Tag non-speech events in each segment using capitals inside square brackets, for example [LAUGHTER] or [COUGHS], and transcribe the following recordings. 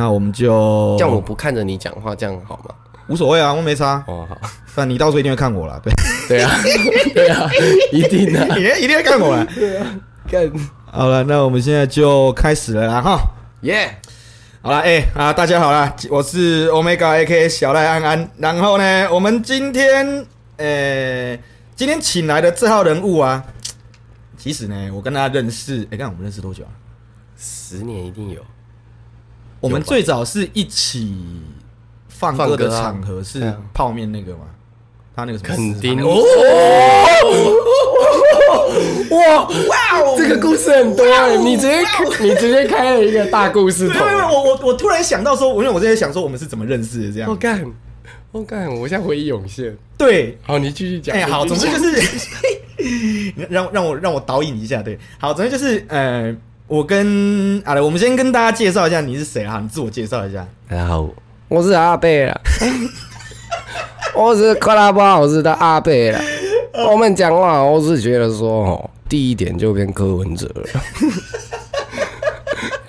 那我們就像我不看着你講話，這樣好嗎？無所謂啊，我沒差。哦好，那你到時候一定會看我了，對對啊， [LAUGHS] 對啊， [LAUGHS] 一定的，也一定要看我了、 [LAUGHS] 啊。看好了，那我們現在就開始了啦哈！耶 Yeah、欸，好了，哎啊，大家好啦，我是 Omega AKA 小賴安安。然後呢，我們今天呃、欸，今天請來的這號人物啊，其實呢，我跟他認識，哎、欸，剛才我們認識多久啊？十年一定有。我們最早是一起放歌的場合是泡麵那個嗎？他那個什麼？肯定哦！哇哇！這個故事很多，你直接你直接開了一個大故事。對我我我突然想到說，因為我現在想說我們是怎麼認識的這樣。我幹！我幹！我現在回憶湧現。對，好，你繼續講。哎，好，總之就是讓讓我讓我導引一下。對，好，總之就是呃。我跟阿勒、啊，我們先跟大家介紹一下你是誰哈，你自我介紹一下。大家好，我是阿貝啦 [LAUGHS] 我是克拉布老師的阿貝啦。我們、呃、講話，我是覺得說哦，第一點就跟柯文哲了。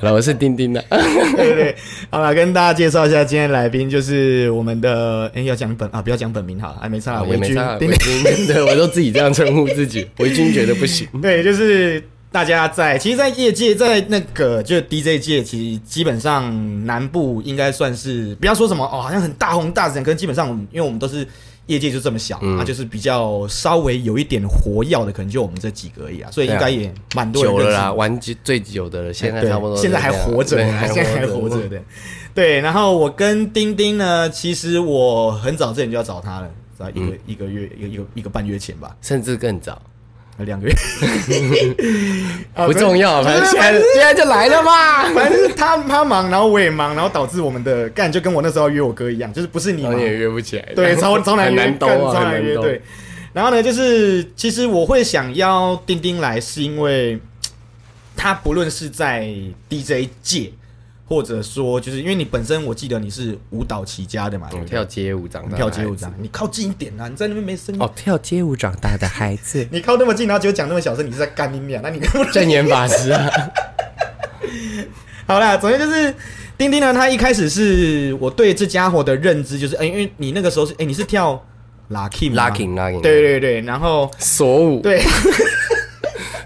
來，我是 DinDin 的， [LAUGHS] 對，對對。好了，跟大家介紹一下，今天來賓就是我們的，哎，要講本啊，不要講本名好了，啊、沒差了，為鈞、啊，為鈞， [LAUGHS] 我都自己這樣稱呼自己，為鈞覺得不行，對，就是。大家在其實，在業界，在那個就是 DJ 界，其實基本上南部應該算是不要說什麼哦，好像很大紅大紫，可能基本上因為我們都是業界就這麼小，嗯、啊就是比較稍微有一點活躍的，可能就我們這幾個而已啊，嗯、所以應該也蠻多久了啦，玩最久的了，現在差不多，現在還活着，對現在還活着的，對， [LAUGHS] 對。然後我跟丁丁呢，其實我很早之前就要找他了，找一個、嗯、一個月，一個一個一個半月前吧，甚至更早。兩個月不重要，反正現在現在就來了嘛。反正他他忙，然後我也忙，然後導致我們的干就跟我那時候約我哥一樣，就是不是你，你們也約不起來。對，超超難，超難約。對，然後呢，就是其實我會想邀丁丁來，是因為他不論是在 DJ 界。或者說，就是因為你本身，我記得你是舞蹈起家的嘛，你跳，嗯、跳街舞長大的，跳街舞長，你靠近一點啊！你在那邊沒聲音哦，跳街舞長大的孩子， [LAUGHS] 你靠那麼近，然後只有講那麼小聲，你是在干音呀？那你證 [LAUGHS] 言法師啊？ [LAUGHS] 好啦，總之就是丁丁呢，他一開始是我對這家伙的認知就是，哎、欸，因為你那個時候是，哎、欸，你是跳 locking，locking，locking 對對對，然後鎖舞，對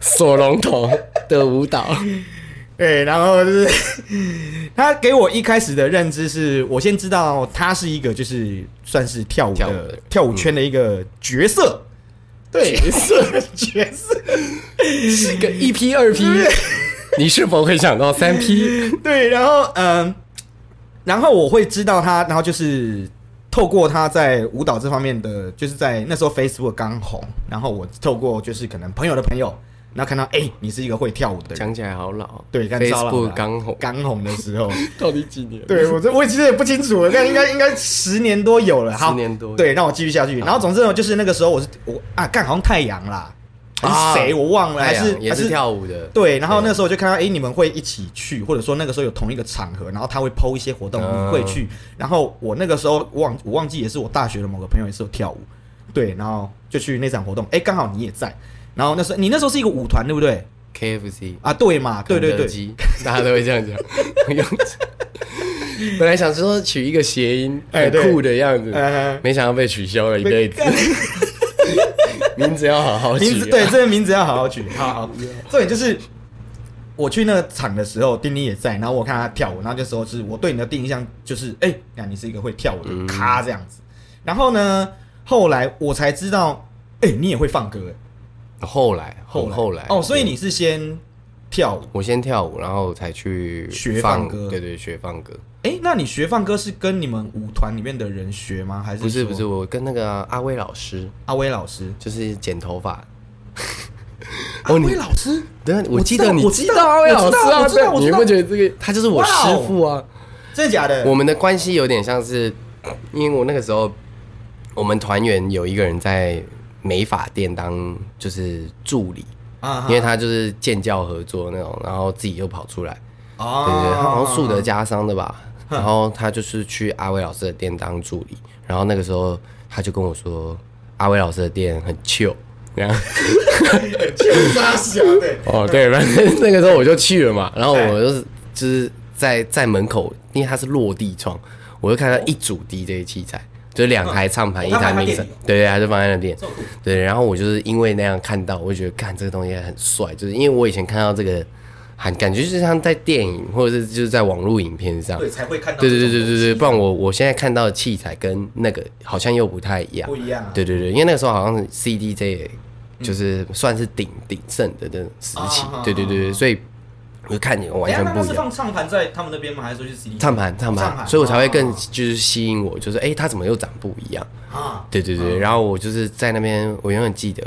鎖龍 [LAUGHS] 頭的舞蹈。 [LAUGHS] 對，然後就是他給我一開始的認知是我先知道他是一個就是算是跳舞的，跳舞的，跳舞圈的一個角色，對，角色角色 [LAUGHS] 是個 1P、2P，你是否會想到 3P？對，然後嗯、呃，然後我會知道他，然後就是透過他在舞蹈這方面的，就是在那時候 Facebook 剛紅，然後我透過就是可能朋友的朋友。然後看到，哎、欸，你是一個會跳舞的人，講起來好老，對，剛超老。Facebook 剛紅，剛紅的時候， [LAUGHS] 到底幾年？對，我這，我其實也不清楚了，但應該應該十年多有了，好十年多。對，那我繼續下去。好然後總之呢就是那個時候我，我是我啊，看好太陽啦，還是誰、啊、我忘了，啊、還是還是跳舞的，對。然後那個時候我就看到，哎、欸，你們會一起去，或者說那個時候有同一個場合，然後他會 PO 一些活動，嗯、你會去。然後我那個時候忘，我忘記也是我大學的某個朋友也是有跳舞，對，然後就去那場活動，哎、欸，剛好你也在。然後那時候，你那時候是一個舞團，對不對？KFC 啊，對嘛，對對對，對音樂機，大家都會這樣講。 [LAUGHS] [LAUGHS] 本來想說取一個諧音很酷的樣子，哎、對沒想到被取消了一輩子。幹 [LAUGHS] [LAUGHS] 名字要好好取，啊名字，對，這個名字要好好取。好，好。對，Yeah. 就是我去那個場的時候，丁丁也在，然後我看他跳舞，然後時候，就是我對你的第一印象就是，哎、欸，看你是一個會跳舞的，咔這樣子。嗯、然後呢，後來我才知道，哎、欸，你也會放歌。後來，後後來哦，所以你是先跳舞，我先跳舞，然後才去學放歌，對對，學放歌。哎，那你學放歌是跟你們舞團裡面的人學嗎？還是不是不是，我跟那個阿威老師，阿威老師就是剪頭髮。阿威老師，對，我記得你，我記得阿威老師啊，我知不覺得你有沒有覺得這個他就是我師傅啊？真的假的？我們的關係有點像是，因為我那個時候我們團員有一個人在。美髮店當就是助理，uh huh. 因為他就是建教合作那種，然後自己又跑出來。哦、uh，huh. 對，對對，好像素德家商的吧。Uh huh. 然後他就是去阿威老師的店當助理，然後那個時候他就跟我說，阿威老師的店很舊，很舊，哦，對，然後那個時候我就去了嘛。然後我就是、uh huh. 就是在在門口，因為他是落地窗，我就看到一組 DJ 器材。Oh. 就兩台唱盤，嗯、一台名審，對對、啊，還是放在那邊。拾對，然後我就是因為那樣看到，我就覺得看這個東西很帥。就是因為我以前看到這個，很感覺就是像在電影或者是就是在網絡影片上，對才會看到這。對對對對對對，不然我我現在看到的器材跟那個好像又不太一樣。不一樣啊、對對對，因為那個時候好像是 CDJ，就是算是鼎鼎盛的那種時期。嗯、對對對對，所以。我就看你我完全不一樣。不、欸、啊、是放唱盤在他們那邊嗎？還是說就是唱盤，唱盤，唱盤，所以我才會更就是吸引我，就是哎、欸，他怎麼又長不一樣啊？對對對，然後我就是在那邊，我永遠記得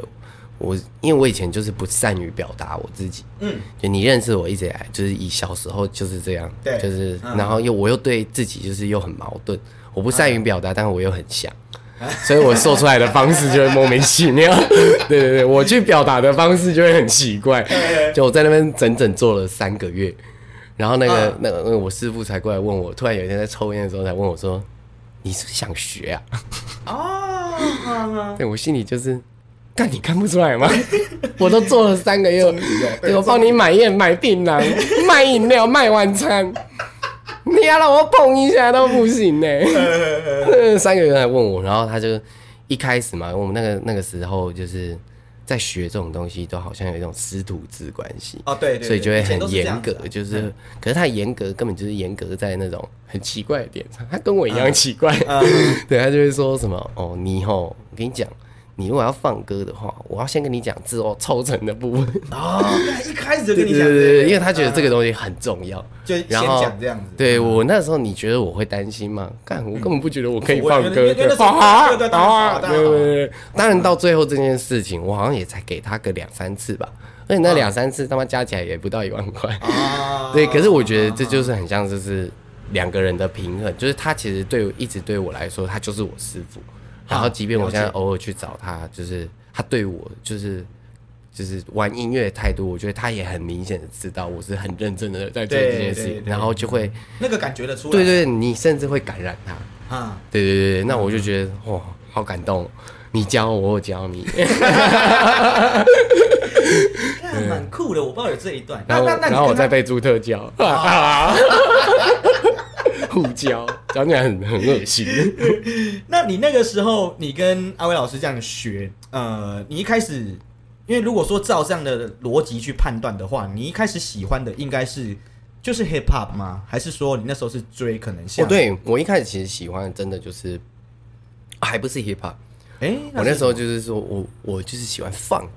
我，因為我以前就是不善於表達我自己，嗯，就你認識我一直以來就是以小時候就是這樣，對，就是然後又、嗯、我又對自己就是又很矛盾，我不善於表達，嗯、但我又很想。所以我說出來的方式就會莫名其妙，對對對，我去表達的方式就會很奇怪。就我在那邊整整做了三個月，然後那個、啊、那個我師傅才過來問我，突然有一天在抽煙的時候才問我說：“你是想學啊？”哦、oh, uh，huh. 對我心裡就是，看你看不出來嗎？ [LAUGHS] 我都做了三個月，我幫你買煙、買檳榔、 [LAUGHS] 賣飲料、賣晚餐。你要讓我碰一下都不行呢、欸。 [LAUGHS] 三個人來問我，然後他就一開始嘛，我們那個那個時候就是在學這種東西，都好像有一種師徒制關係。哦，對，對，對，所以就會很嚴格，是就是，可是他嚴格根本就是嚴格在那種很奇怪的點上，嗯、他跟我一樣奇怪。嗯、 [LAUGHS] 對，他就會說什麼哦，你好，我跟你講。你如果要放歌的話，我要先跟你講之後抽成的部分啊！一開始就跟你講，對對對，因為他覺得這個東西很重要，就先講這樣子。對我那時候，你覺得我會擔心嗎？幹，我根本不覺得我可以放歌。對對對，當然到最後這件事情，我好像也才給他個兩三次吧，而且那兩三次他媽加起來也不到一萬塊。對，可是我覺得這就是很像就是兩個人的平衡，就是他其實對我一直對我來說，他就是我師傅。然後，即便我現在偶爾去找他，就是他對我，就是就是玩音樂的態度，我覺得他也很明顯的知道我是很認真的在做這件事，然後就會那個感覺得出來。對對，你甚至會感染他。啊，對對對，那我就覺得哇，好感動。你教我，我教你，蠻酷的。我不知道有這一段，然後然後我再被朱特教。互教，講起來很很噁心。 [LAUGHS] 那你那個時候，你跟阿威老師這樣學，呃，你一開始，因為如果說照這樣的邏輯去判斷的話，你一開始喜歡的應該是就是 hip hop 嗎？還是說你那時候是追可能性？哦，對，我一開始其實喜歡的真的就是，還不是 hip hop，誒，欸、那我那時候就是說我我就是喜歡 funk。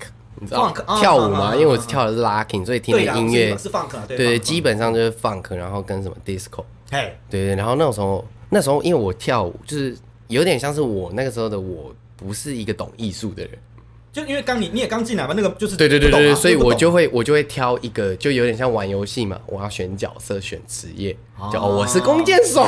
你知道，跳舞嘛？因為我跳的是 locking 所以聽的音樂是 funk，對基本上就是 funk，然後跟什麼 disco，對對，然後那時候那時候，因為我跳舞就是有點像是我那個時候的，我不是一個懂藝術的人，就因為剛你你也剛進來嘛，那個就是對對對對，所以我就會我就會挑一個，就有點像玩遊戲嘛，我要選角色選職業，叫我是弓箭手。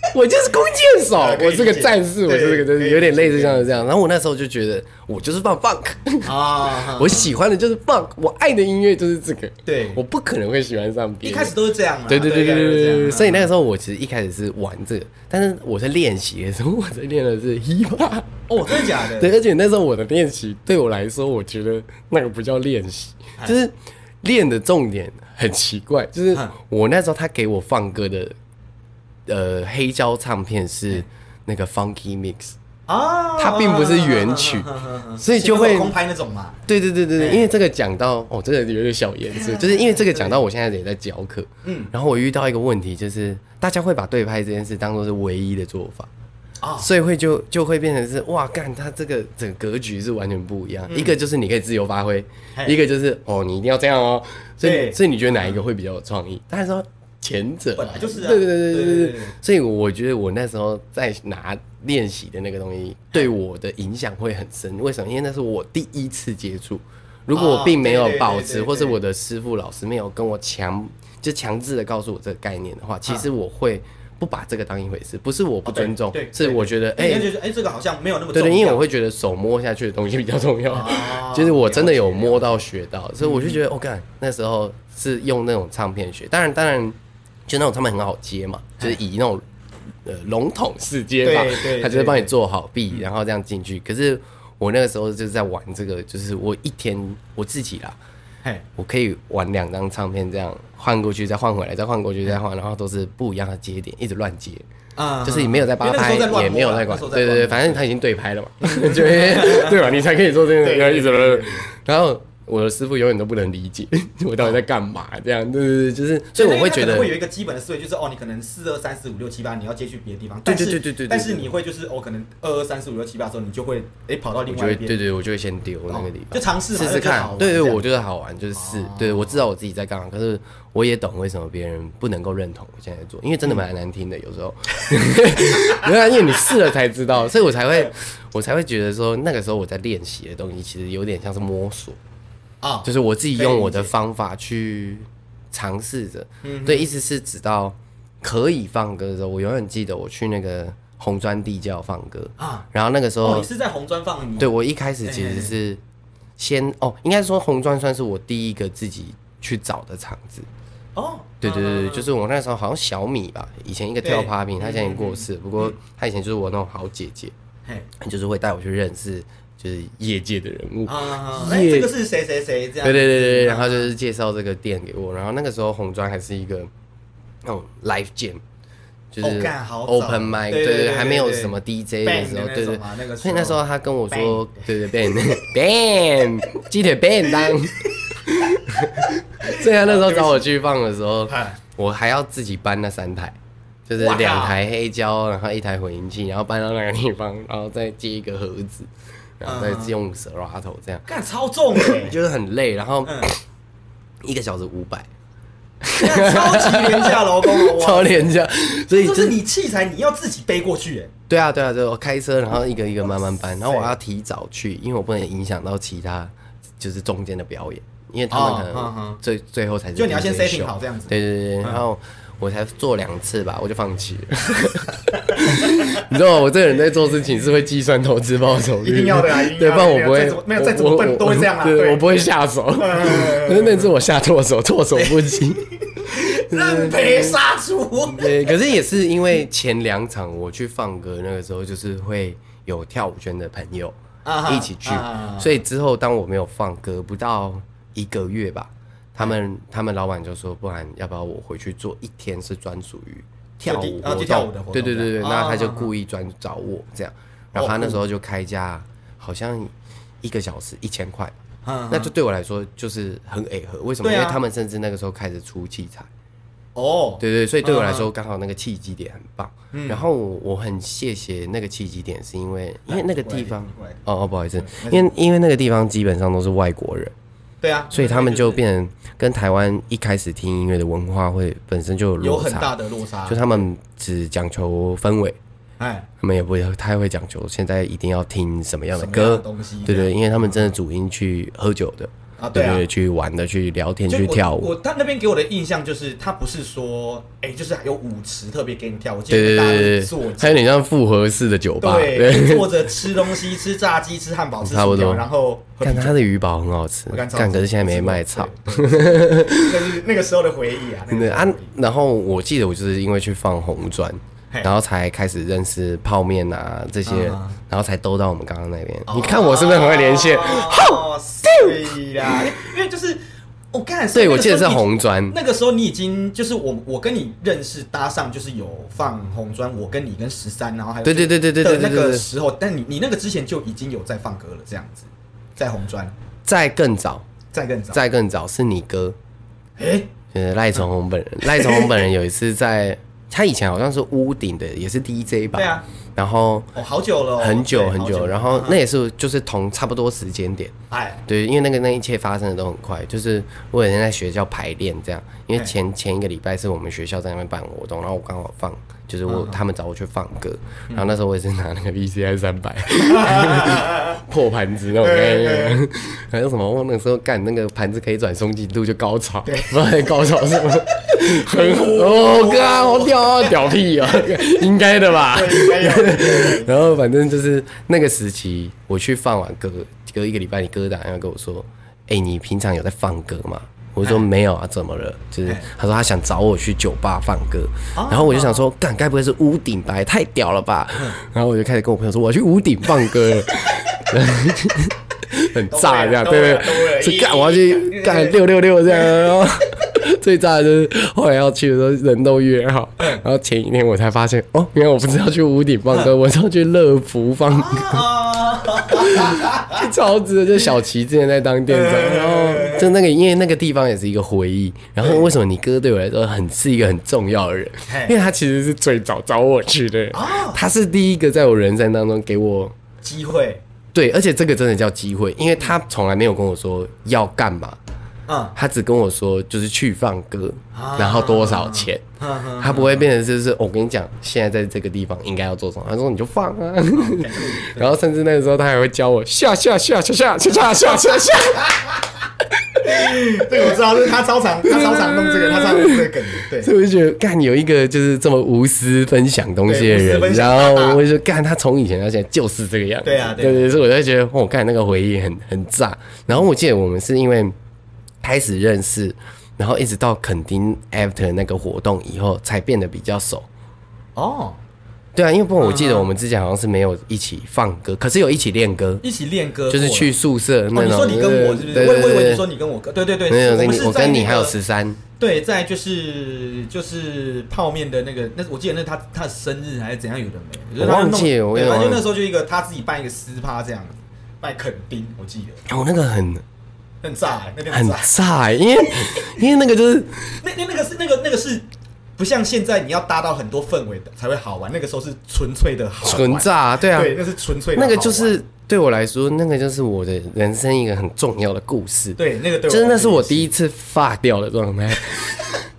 [LAUGHS] 我就是弓箭手，我是個戰士，我是個就是有點類似像是這樣。然後我那時候就覺得，我就是放 funk 啊， [LAUGHS] oh, huh. 我喜歡的就是 funk，我愛的音樂就是這個。對，我不可能會喜歡上別人。一開始都是這樣啊。對對對對對對。所以那個時候我其實一開始是玩這個，但是我在練習的時候，我在練的是 hip hop。 [LAUGHS] 哦，真的對 [LAUGHS] 對假的？對，而且那時候我的練習對我來說，我覺得那個不叫練習，就是練的重點很奇怪，就是我那時候他給我放歌的。呃，黑膠唱片是那個 Funky Mix 啊，它並不是原曲，所以就會空拍那種嘛，對對對對對，因為這個講到哦，真的有點小顏色，就是因為這個講到，我現在也在教課，嗯，然後我遇到一個問題，就是大家會把對拍這件事當做是唯一的做法啊，所以會就就會變成是哇，幹他這個整個格局是完全不一樣，一個就是你可以自由發揮，一個就是哦，你一定要這樣哦，所以所以你覺得哪一個會比較有創意？大家說。前者、啊、本來就是、啊、對對對對對對，對，所以我覺得我那時候在拿練習的那個東西，對我的影響會很深。為什麼？因為那是我第一次接觸。如果我並沒有保持，或是我的師傅老師沒有跟我強就強制的告訴我這個概念的話，其實我會不把這個當一回事。不是我不尊重，是我覺得哎，哎、欸欸就是欸，這個好像沒有那麼重要對，對，對。因為我會覺得手摸下去的東西比較重要，啊、就是我真的有摸到學到，所以我就覺得哦，幹、嗯 oh、那時候是用那種唱片學。當然，當然。就那種他們很好接嘛，就是以那種呃籠統式接法，他就會幫你做好 B，然後這樣進去。可是我那個時候就是在玩這個，就是我一天我自己啦，欸，我可以玩兩張唱片，這樣換過去再換回來再換過去再換，然後都是不一樣的接點，一直亂接啊，就是也沒有在扒拍，也沒有在管，對對，反正他已經對拍了嘛，對吧？你才可以做這個，一直然後。我的師傅永遠都不能理解 [LAUGHS] 我到底在幹嘛，這樣、啊、對對對，就是對所以我會覺得會有一個基本的思維，就是哦，你可能四二三四五六七八，你要接去別的地方。對對對對對、對。但是你會就是哦，可能二二三四五六七八的時候，你就會哎、欸、跑到另外一邊、就會對、對對，我就會先丟那個地方，哦、就嘗試試試看。對、對對，我覺得好玩，就是試。哦、對，我知道我自己在幹嘛，可是我也懂為什麼別人不能夠認同我現在，在做，因為真的蠻難聽的，嗯、有時候。沒有，因為你試了才知道， [LAUGHS] 所以我才會對我才會覺得說，那個時候我在練習的東西，其實有點像是摸索。啊，就是我自己用我的方法去嘗試着，對，一直是直到可以放歌的時候。我永遠記得我去那個紅磚地窖放歌啊，然後那個時候你是在紅磚放的嗎？對，我一開始其實是先哦，應該說紅磚算是我第一個自己去找的場子。哦，對對對，就是我那時候好像小米吧，以前一個跳趴屏，他現在已經過世，不過他以前就是我那種好姐姐，就是會帶我去認識。就是業界的人物，啊，這個是誰誰誰這樣？對對對對，然後就是介紹這個店給我，然後那個時候紅磚還是一個那種 live jam，就是 open mic，對對，還沒有什麼 DJ 的時候，對對，所以那時候他跟我說，對對 band band 雞腿 band 當，所以他那時候找我去放的時候，我還要自己搬那三台。就是兩台黑膠，然後一台混音器，然後搬到那個地方，然後再接一個盒子，然後再用蛇拉頭這樣。幹超重、欸， [LAUGHS] 就是很累，然後、嗯、一個小時五百，超級廉價勞工超廉價。所以就是你器材你要自己背過去、欸，哎，對啊，對啊，對，我開車，然後一個，一個一個慢慢搬，然後我要提早去，因為我不能影響到其他，就是中間的表演，因為他們可能最、哦、最後才就你要先 setting 好這樣子，對對對，然後。嗯我才做兩次吧，我就放棄了。你知道，我這個人在做事情是會計算投資報酬率，一定要的啊！一定要的啊！對，不然我不會，沒有再怎麼笨，都會這樣啊。對，我不會下手，可是那次我下錯手，措手不及，認賠殺出。對，可是也是因為前兩場我去放歌，那個時候就是會有跳舞圈的朋友一起去，所以之後當我沒有放歌不到一個月吧。他們他們老板就說，不然要不要我回去做一天是專屬於跳舞活動？對對對對，那他就故意專找我這樣。然後他那時候就開價，好像一個小時一千塊。那就對我來說就是很違和。為什麼？因為他們甚至那個時候開始出器材。哦。對對，所以對我來說剛好那個契機點很棒。然後我我很謝謝那個契機點，是因為因為那個地方哦哦不好意思，因為因為那個地方基本上都是外國人。對啊，所以他們就變成跟台灣一開始聽音樂的文化會本身就有落差，有很大的落差。就他們只講求氛圍，哎嘿，他們也不會太會講究現在一定要聽什麼樣的歌。的對，對對，因為他們真的主音去喝酒的。嗯對，去玩的，去聊天，去跳舞。他那邊給我的印象就是，他不是說，哎，就是有舞池特別給你跳。我記得大家還有點像複合式的酒吧，對，坐着吃東西，吃炸雞，吃漢堡，差不多。然後，看他的魚堡很好吃，但可是現在沒賣草是那個時候的回憶啊。對啊，然後我記得我就是因為去放紅磚，然後才開始認識泡麵啊這些，然後才兜到我們剛剛那邊。你看我是不是很會連線？ [LAUGHS] 對呀，因為就是我剛開對我記得是紅磚。那個時候你已經就是我，我跟你認識搭上，就是有放紅磚。我跟你跟十三，然後還有、就是、對對對對對那個時候，對對對對，但你你那個之前就已經有在放歌了，這樣子，在紅磚，再更早，再更早，再更早是你哥，哎、欸，賴崇紅本人，賴崇 [LAUGHS] 紅本人有一次在，他以前好像是屋頂的，也是 DJ 吧，對啊。然後好久了，很久很久。然後那也是就是同差不多時間點。哎，對，因為那個那一切發生的都很快，就是我每天在學校排練這樣，因為前前一個禮拜是我們學校在那邊辦活動，然後我剛好放，就是我他們找我去放歌，然後那時候我也是拿那個 VCI 300破盤子那種，還有什麼我那個、時候幹那個盤子可以轉鬆緊度就高潮，然後還高潮是不是？很火哦哥，好屌、啊、屌屁啊，應該的吧。應該的。對然後反正就是那個時期，我去放完歌，隔一個禮拜，你哥打電話跟我說：“哎、欸，你平常有在放歌嗎？”我說：“沒有啊，怎麼了？”就是他說他想找我去酒吧放歌，哦、然後我就想說：“幹、哦，該不會是屋頂吧？太屌了吧？”嗯、然後我就開始跟我朋友說：“我要去屋頂放歌了， [LAUGHS] [LAUGHS] 很炸這樣，對不吧對？是幹我要去幹六六六這樣。”最炸的就是後來要去的時候，人都約好，然後前一天我才發現哦，原來我不是要去屋頂放歌， [LAUGHS] 我是要去樂福放歌，那個，啊啊、 [LAUGHS] 超值的！就小齊之前在當店長，然後就那個，因為那個地方也是一個回憶。然後為什麼你哥對我來說很是一個很重要的人？嘿因為他其實是最早找我去的，哦、他是第一個在我人生當中給我機會。對，而且這個真的叫機會，因為他從來沒有跟我說要幹嘛。他只跟我說就是去放歌，然後多少錢，他不會變成就是我跟你講，現在在這個地方應該要做什麼，他說你就放啊，然後甚至那個時候他還會教我下下下下下下下下下，這個我知道，這是他超常，他超常弄這個，他超常弄這個梗，對，所以我就覺得幹有一個就是這麼無私分享東西的人，然後我就說幹他從以前到現在就是這個樣，對啊，對對，所以我就覺得我幹那個回憶很很炸，然後我記得我們是因為。開始認識，然後一直到墾丁 after 那個活動以後，才變得比較熟。哦，oh, 對啊，因為不過我記得我們之前好像是沒有一起放歌，uh huh. 可是有一起練歌。一起練歌，就是去宿舍那種。他們、oh, 說，你跟我是不是？對對對對，我以為你說你跟我哥。對對對，沒有，我跟你還有十三。對，在就是就是泡麵的那個，那我記得那他他的生日還是怎樣有的沒。我忘記，我忘了。就那時候就一個他自己辦一個私趴這樣子，拜墾丁我記得。我、oh, 那個很。很炸哎、欸，那個很炸，很炸欸、因為 [LAUGHS] 因為那個就是 [LAUGHS] 那那那個是那個那個是不像現在你要搭到很多氛圍的才會好玩，那個時候是純粹的好玩、純炸，對啊，對，那是純粹的好玩那個就是。對我來說，那個就是我的人生一個很重要的故事。對，那個對我真的是我第一次發掉的狀態，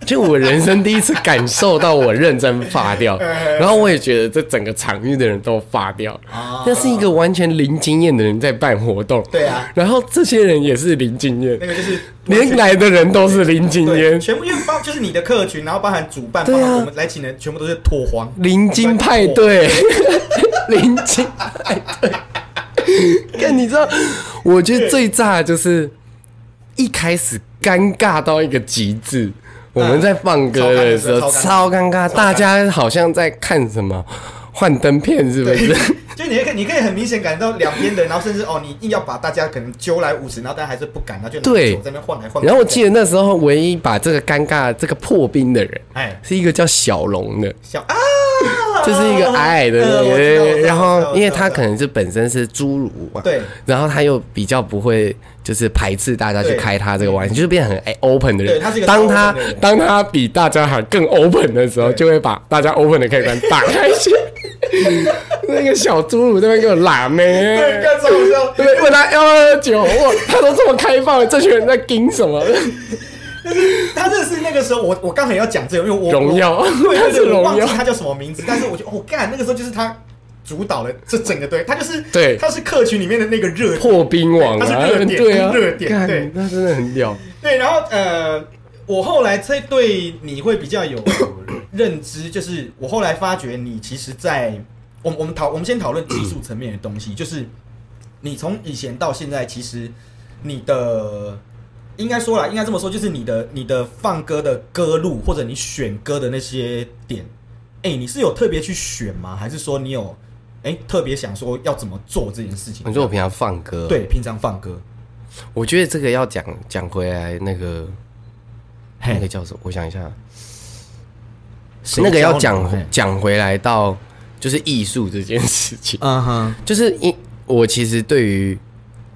我 [LAUGHS] 就我人生第一次感受到我認真發掉。 [LAUGHS] 嗯、然後我也覺得這整個場域的人都發掉，嗯、那是一個完全零經驗的人在辦活動。對啊，然後這些人也是零經驗，那個就是連來的人都是零經驗，全部因為包就是你的客群，然後包含主辦，啊、包含我們來請人全部都是拓荒零金派對，零金派對。跟 [LAUGHS] 你說，我覺得最炸的就是 [LAUGHS] 一開始尷尬到一個極致。嗯、我們在放歌的時候超尷尬，大家好像在看什麼幻燈片，是不是？對 [LAUGHS] 所以你可，你可以很明顯感到兩邊的，然後甚至哦，你硬要把大家可能揪來五十，然後大家還是不敢，他就對。然後就手在那邊換來換。然後我記得那時候唯一把這個尷尬、這個破冰的人，哎，是一個叫小龍的，小啊，就是一個矮矮的，然後因為他可能是本身是侏儒嘛，對，然後他又比較不會就是排斥大家去開他這個玩笑，就是變很 open 的人。當他當他比大家還更 open 的時候，就會把大家 open 的開關打開一些。那個小豬在那跟個辣妹，對，幹什麼？對對？問他幺二九，哇，他都這麼開放了，這群人在盯什麼？他這是那個時候，我我剛好要講這個，因為我我我忘記他叫什麼名字，但是我就哦，幹那個時候就是他主導的這整個隊，他就是對，他是客群裡面的那個熱點，破冰王，他是熱點，熱點，對，他真的很屌，對。然後呃，我後來才對你會比較有。認知，就是我後來發覺，你其實在我我們討我，我們先討論技術層面的東西， [COUGHS] 就是你從以前到現在，其實你的應該說啦，應該這麼說，就是你的你的放歌的歌路或者你選歌的那些點，哎、欸，你是有特別去選嗎？還是說你有哎、欸、特別想說要怎麼做這件事情？你說我平常放歌，對，平常放歌，我覺得這個要講講回來那個那個叫什麼，嘿我想一下。那個要講講回來到就是藝術這件事情，嗯哼，uh-huh. 就是一我其實對於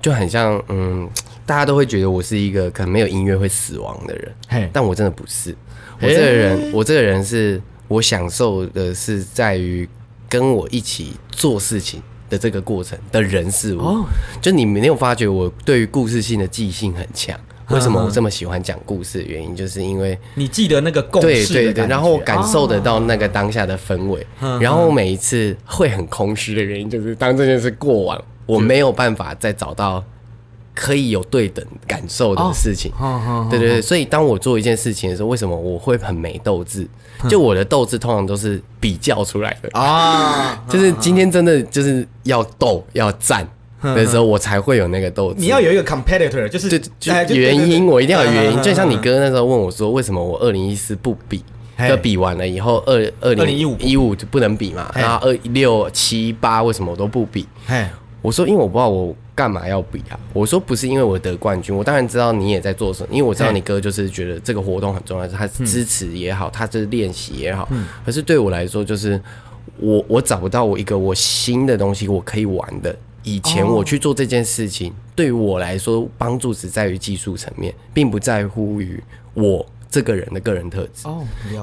就很像嗯，大家都會覺得我是一個可能沒有音樂會死亡的人，嘿，Hey. 但我真的不是，我這個人 Hey. 我這個人是我享受的是在於跟我一起做事情的這個過程的人事物，oh. 就你沒有發覺我對於故事性的記性很強。為什麼我這麼喜歡講故事？原因呵呵就是因為你記得那個共事，對對對，然後我感受得到那個當下的氛圍，哦、呵呵然後每一次會很空虛的原因，就是當這件事過往，是我沒有辦法再找到可以有對等感受的事情。哦、呵呵對對對，所以當我做一件事情的時候，為什麼我會很沒鬥志？就我的鬥志通常都是比較出來的啊，呵呵就是今天真的就是要鬥要戰的時候，我才會有那個鬥志。你要有一個 competitor，就是就原因，我一定要有原因。就像你哥那時候問我說：“為什麼我二零一四不比？”要比完了以後，二二零一五一五就不能比嘛。然後二六七八為什麼我都不比？我說，因為我不知道我幹嘛要比啊。我說不是因為我得冠軍，我當然知道你也在做什麼，因為我知道你哥就是覺得這個活動很重要，他支持也好，他就是練習也好。可是對我來說，就是我我找不到我一個我新的東西我可以玩的。以前我去做這件事情，對於我來說，幫助只在於技術層面，並不在乎於我這個人的個人特質。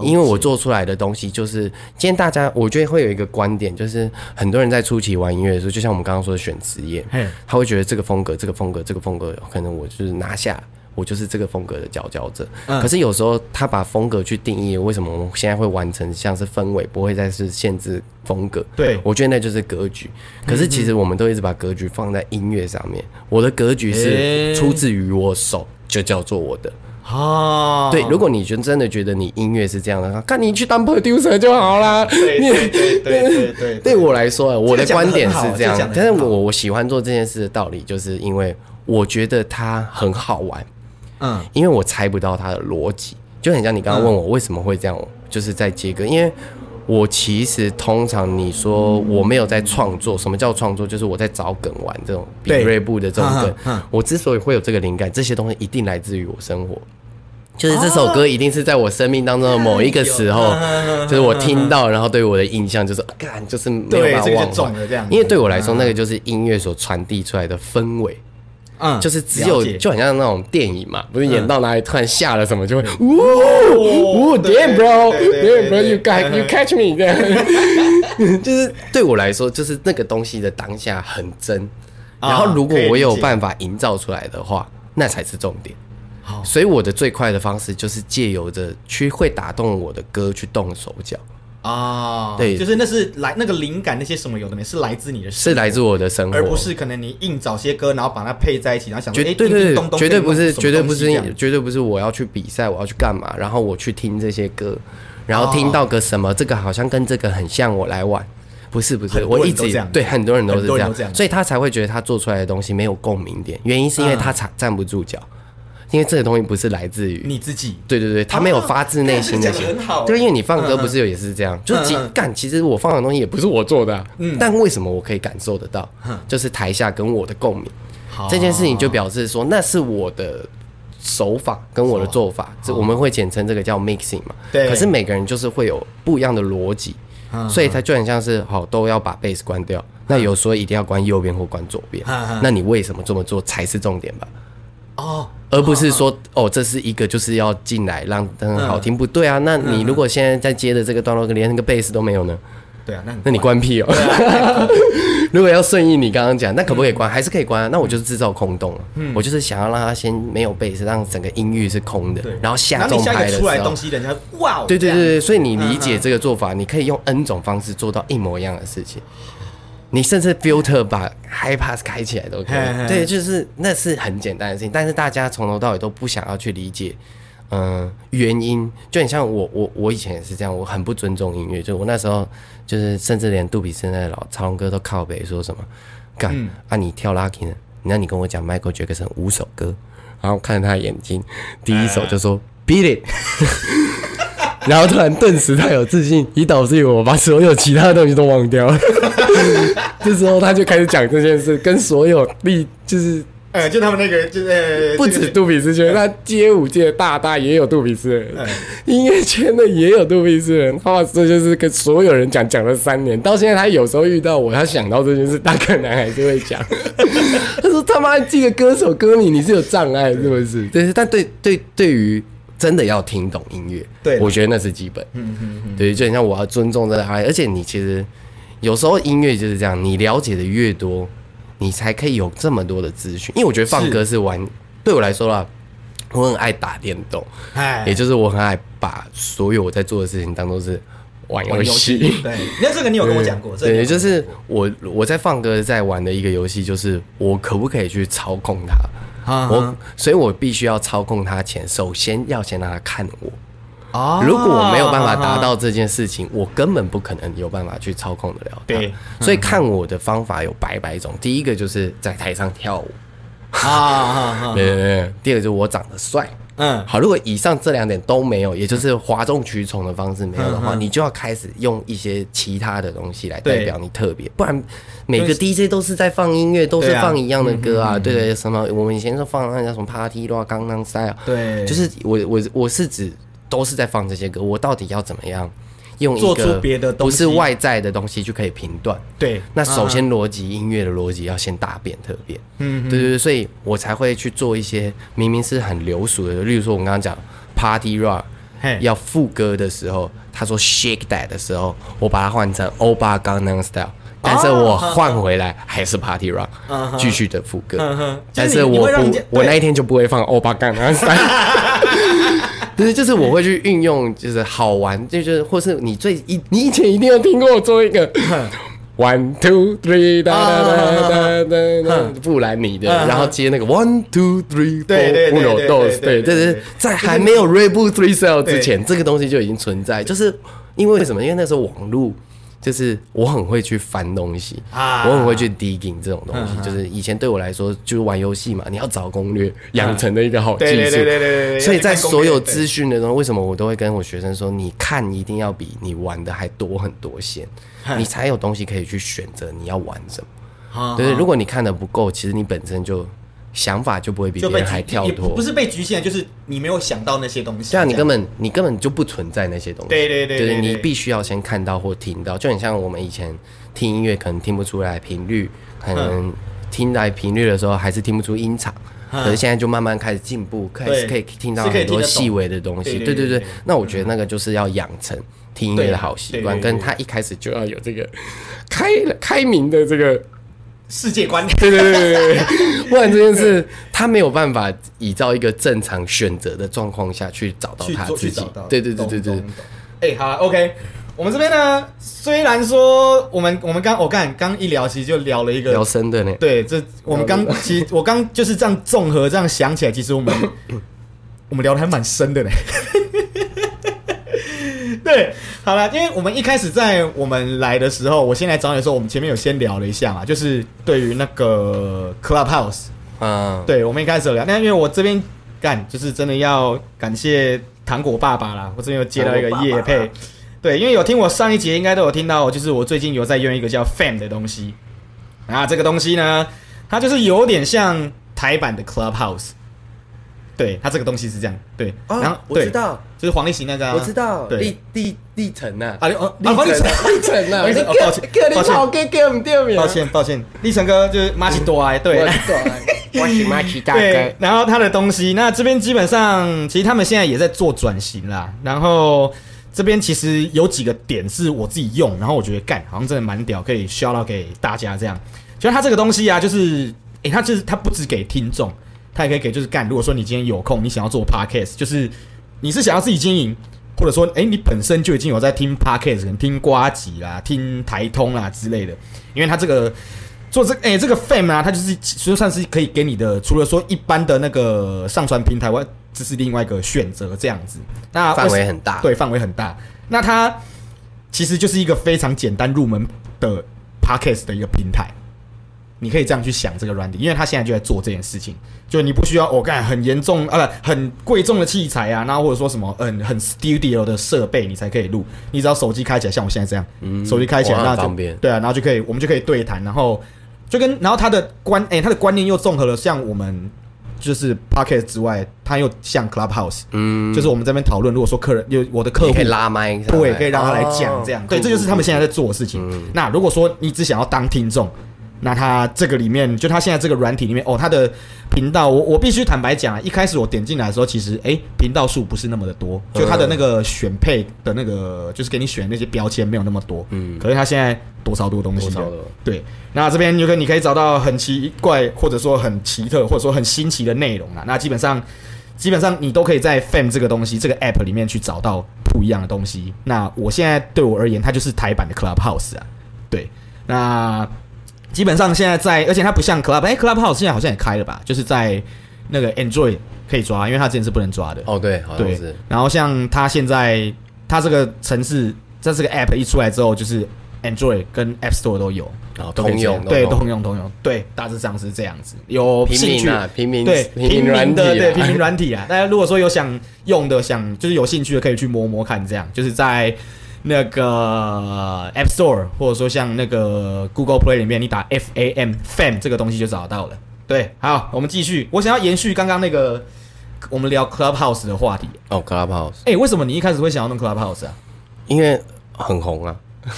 因為我做出來的東西就是，今天大家我覺得會有一個觀點，就是很多人在初期玩音樂的時候，就像我們剛剛說的，選職業，他會覺得這個風格、這個風格、這個風格，可能我就是拿下我就是這個風格的佼佼者，嗯、可是有時候他把風格去定義，為什麼我們現在會完成像是氛圍，不會再是限制風格？對，我覺得那就是格局。嗯嗯，可是其實我們都一直把格局放在音樂上面。嗯、我的格局是出自於我手，欸、就叫做我的啊。對，如果你覺得真的覺得你音樂是這樣的，看，你去當 producer 就好了。對對對，對對對對對。 [LAUGHS] 對我來說，我的觀點是這樣，但是我我喜歡做這件事的道理，就是因為我覺得它很好玩。嗯嗯，因為我猜不到它的邏輯，就很像你剛剛問我為什麼會這樣，嗯、就是在接歌。因為我其實通常你說我沒有在創作，什麼叫創作？就是我在找梗玩這種對比瑞布的這種梗。啊啊、我之所以會有這個靈感，這些東西一定來自於我生活。就是這首歌一定是在我生命當中的某一個時候，啊、就是我聽到，然後對我的印象就是，幹、啊、就是沒有辦法忘、這個、了這樣。因為對我來說，嗯啊、那個就是音樂所傳遞出來的氛圍。嗯，就是只有就很像那種電影嘛，不是演到哪裡突然下了什麼就會，嗚嗚，Damn bro，Damn bro，You got，You catch me，就是對我來說，就是那個東西的當下很真，然後如果我有辦法營造出來的話，那才是重點。所以我的最快的方式就是借由着去會打動我的歌去動手腳。啊，oh, 對，就是那是來那個靈感那些什麼有的沒是來自你的生活，是來自我的生活，而不是可能你硬找些歌然後把它配在一起，然後想絕對、欸、咚咚絕對，絕對不是，絕對不是，絕對不是，我要去比賽，我要去幹嘛？然後我去聽這些歌，然後聽到個什麼，oh. 這個好像跟這個很像，我來玩，不是不是，我一直對很多人都是這樣，這樣所以他才會覺得他做出來的東西沒有共鳴點，原因是因為他才站不住腳。嗯因為這個東西不是來自於你自己，對對對，他沒有發自內心的寫，很好。就因為你放歌不是有也是這樣，就情感。其實我放的東西也不是我做的，嗯。但為什麼我可以感受得到，就是台下跟我的共鳴，這件事情就表示說那是我的手法跟我的做法，這我們會簡稱這個叫 mixing 嘛。對。可是每個人就是會有不一樣的邏輯，所以他就很像是好都要把 bass 關掉，那有時候一定要關右邊或關左邊，那你為什麼這麼做才是重點吧？哦。而不是說哦，這是一個就是要進來讓好聽，嗯、不對啊。那你如果現在在接的這個段落，連那個貝斯都沒有呢？對啊，那那你關屁哦、喔啊！ [LAUGHS] 如果要順應你剛剛講，那可不可以關？嗯、還是可以關啊。那我就是制造空洞、嗯、我就是想要讓它先沒有貝斯，讓整個音域是空的，對然後下重拍的時候，下一個出來東西，人家哇、哦！對，對對對，所以你理解這個做法，嗯、你可以用 N 種方式做到一模一樣的事情。你甚至 filter 把 hi-pass 開起來都 OK，對，就是那是很簡單的事情。但是大家從頭到尾都不想要去理解，嗯、呃，原因。就你像我，我我以前也是這樣，我很不尊重音樂。就我那時候，就是甚至連杜比現在的老唱歌都靠北說什麼，幹、嗯、啊你跳拉丁，那你跟我講 Michael Jackson 五首歌，然後看着他的眼睛，第一首就說 Beat It。嗯 [LAUGHS] 然後突然，頓時他有自信，一以導致我把所有其他東西都忘掉了。 [LAUGHS] 這時候，他就開始講這件事，跟所有力就是呃、嗯，就他們那個就在、欸欸、不止杜比斯圈，他、嗯、街舞界大大也有杜比斯人，嗯、音樂圈的也有杜比斯人。他這就是跟所有人講，講了三年，到現在他有時候遇到我，他想到這件事，他可能還是會講。 [LAUGHS] 他說：“他媽，這個歌手歌你，你是有障礙是不是？對，但對對對於。”真的要聽懂音樂，對了我覺得那是基本。嗯嗯嗯。嗯嗯對，就像我要尊重這個愛，而且你其實有時候音樂就是這樣，你了解的越多，你才可以有這麼多的資訊。因為我覺得放歌是玩，是對我來說啦，我很愛打電動，哎嘿，也就是我很愛把所有我在做的事情當做是玩遊戲。對，那這個你有跟我講過，對，就是我我在放歌在玩的一個遊戲，就是我可不可以去操控它。 [NOISE] 我，所以我必須要操控他錢，首先要先讓他看我。啊、如果我沒有辦法達到這件事情，啊、我根本不可能有辦法去操控得了他。嗯、所以看我的方法有百百種，第一個就是在台上跳舞。啊， [LAUGHS] 啊對對對， [NOISE] 第二個就是我長得帥。嗯，好。如果以上這兩點都沒有，也就是嘩眾取寵的方式沒有的話，嗯嗯、你就要開始用一些其他的東西來代表你特別。對不然，每個 DJ 都是在放音樂，對都是放一樣的歌啊。對啊嗯嗯對，什麼我們以前都放那叫什麼 Party 的 Gangnam Style。對，就是我我我是指都是在放這些歌，我到底要怎麼樣？用一個不是外在的東西就可以評斷。對，那首先邏輯音樂的邏輯要先大變特變。嗯哼對對，對所以我才會去做一些明明是很流俗的，例如說我剛剛講 party rock 要副歌的時候，他說 shake that 的時候，我把它換成歐巴剛那種 style，但是我換回來還是 party rock 繼續的副歌，呵呵但是我不，我那一天就不會放歐巴剛那種 style。 [LAUGHS] [LAUGHS] 其實就是我會去運用，就是好玩，就是或是你最一，你以前一定要聽過我做一個 one two three，噠噠噠噠噠噠，布蘭尼的，然後接那個 one two three four uno dos，對，就是在還沒有 Red Bull 3style 之前，對對對對，這個東西就已經存在，就是因為為什麼？因為那時候網絡。就是我很會去翻東西，啊、我很會去 digging 這種東西。嗯嗯嗯、就是以前對我來說，就是玩遊戲嘛，你要找攻略，養、嗯、成的一個好技術。對，對對對對對對。所以在所有資訊的時候，為什麼我都會跟我學生說，你看一定要比你玩的還多很多先，嗯、你才有東西可以去選擇你要玩什麼。就是、嗯嗯、如果你看的不夠，其實你本身就。想法就不會比別人還跳脫，不是被局限，就是你沒有想到那些東西。啊、這樣你根本你根本就不存在那些東西。對對對，對，就是你必須要先看到或聽到。對對對對，就很像我們以前聽音樂，可能聽不出來頻率，可能聽到頻率的時候還是聽不出音場。嗯、可是現在就慢慢開始進步，嗯、開始可以聽到很多細微的東西。對對對，對，那我覺得那個就是要養成聽音樂的好習慣，對對對對，跟他一開始就要有這個開開明的這個世界觀，對對對對， [LAUGHS] 不然這件事他沒有辦法依照一個正常選擇的狀況下去找到他自己。對對對對對，哎、欸，好，OK，我們這邊呢，雖然說我們我們剛我剛剛一聊，其實就聊了一個聊深的呢。對，這我們剛其實我剛就是這樣綜合這樣想起來，其實我們 [LAUGHS] 我們聊的還蠻深的嘞。 [LAUGHS] 對。好啦，因為我們一開始在我們來的時候，我先來找你的時候，我們前面有先聊了一下嘛，就是對於那個 Clubhouse，嗯，對，我們一開始有聊，那因為我這邊幹，就是真的要感謝糖果爸爸啦，我這邊又接到一個業配，爸爸啊、對，因為有聽我上一集，應該都有聽到，就是我最近有在用一個叫 Fam 的東西，然後這個東西呢，它就是有點像台版的 Clubhouse，對，它這個東西是這樣，對，啊、然後對，我知道。就是黃立行那個，我知道，對立立立成啊，啊立哦立成立成啊，我們是，抱歉抱歉，立成哥就是馬奇多哎，對，馬奇多哎，麻吉大哥，對，然後他的東西，那這邊基本上其實他們現在也在做轉型啦，然後這邊其實有幾個點是我自己用，然後我覺得幹好像真的蠻屌，可以 shout out 給大家這樣。其實他這個東西啊，就是，誒他就是他不止給聽眾，他也可以給就是幹，如果說你今天有空，你想要做 podcast，就是。你是想要自己經營，或者說，哎、欸，你本身就已經有在聽 podcast，可能聽呱吉啦、聽台通啦之類的，因為它這個做這哎、欸、這個 FAM 啊，它就是就算是可以給你的，除了說一般的那個上傳平台外，這是另外一個選擇這樣子。那範圍很大，對，範圍很大。那它其實就是一個非常簡單入門的 podcast 的一個平台。你可以這樣去想這個軟體，因為他現在就在做這件事情。就你不需要我講、哦、很嚴重呃、啊、很貴重的器材啊，然後或者說什麼嗯很 studio 的設備你才可以錄，你只要手機開起來像我現在這樣，嗯、手機開起來那就對啊，然後就可以我們就可以對談，然後就跟然後他的觀誒、欸、他的觀念又綜合了像我們就是 Podcast 之外，他又像 clubhouse，嗯，就是我們這邊討論，如果說客人有我的客戶你也可以拉麥，對，可以讓他來講這樣，哦、對，這就是他們現在在做的事情。嗯、那如果說你只想要當聽眾。那它這個裡面，就它現在這個軟體裡面哦，它的頻道，我我必須坦白講啊，一開始我點進來的時候，其實誒，頻道數不是那麼的多，就它的那個選配的那個，就是給你選的那些標籤沒有那麼多，嗯，可是它現在多少多少東西啊，對。那這邊你可你可以找到很奇怪，或者說很奇特，或者說很新奇的內容啊。那基本上基本上你都可以在 FAM 這個東西這個 App 裡面去找到不一樣的東西。那我現在對我而言，它就是台版的 Clubhouse 啊，對，那。基本上現在在，而且它不像 Club，哎、欸、，Clubhouse 現在好像也開了吧？就是在那個 Android 可以抓，因為它之前是不能抓的。哦，對，好像是對。然後像它現在，它這個程式，在這個 App 一出來之後，就是 Android 跟 App Store 都有。然後，通用。對，通用，通用。對，大致上是這樣子。有平民、啊、興趣？平民？對，平民的、啊，對，平民軟體啊。大家如果說有想用的，想就是有興趣的，可以去摸摸看，這樣就是在。那個 App Store，或者說像那個 Google Play 裡面，你打 F A M Fam 這個東西就找到了。對，好，我們繼續。我想要延續剛剛那個我們聊 Clubhouse 的話題。哦、oh，Clubhouse。哎、欸，為什麼你一開始會想要弄 Clubhouse 啊？因為很紅啊。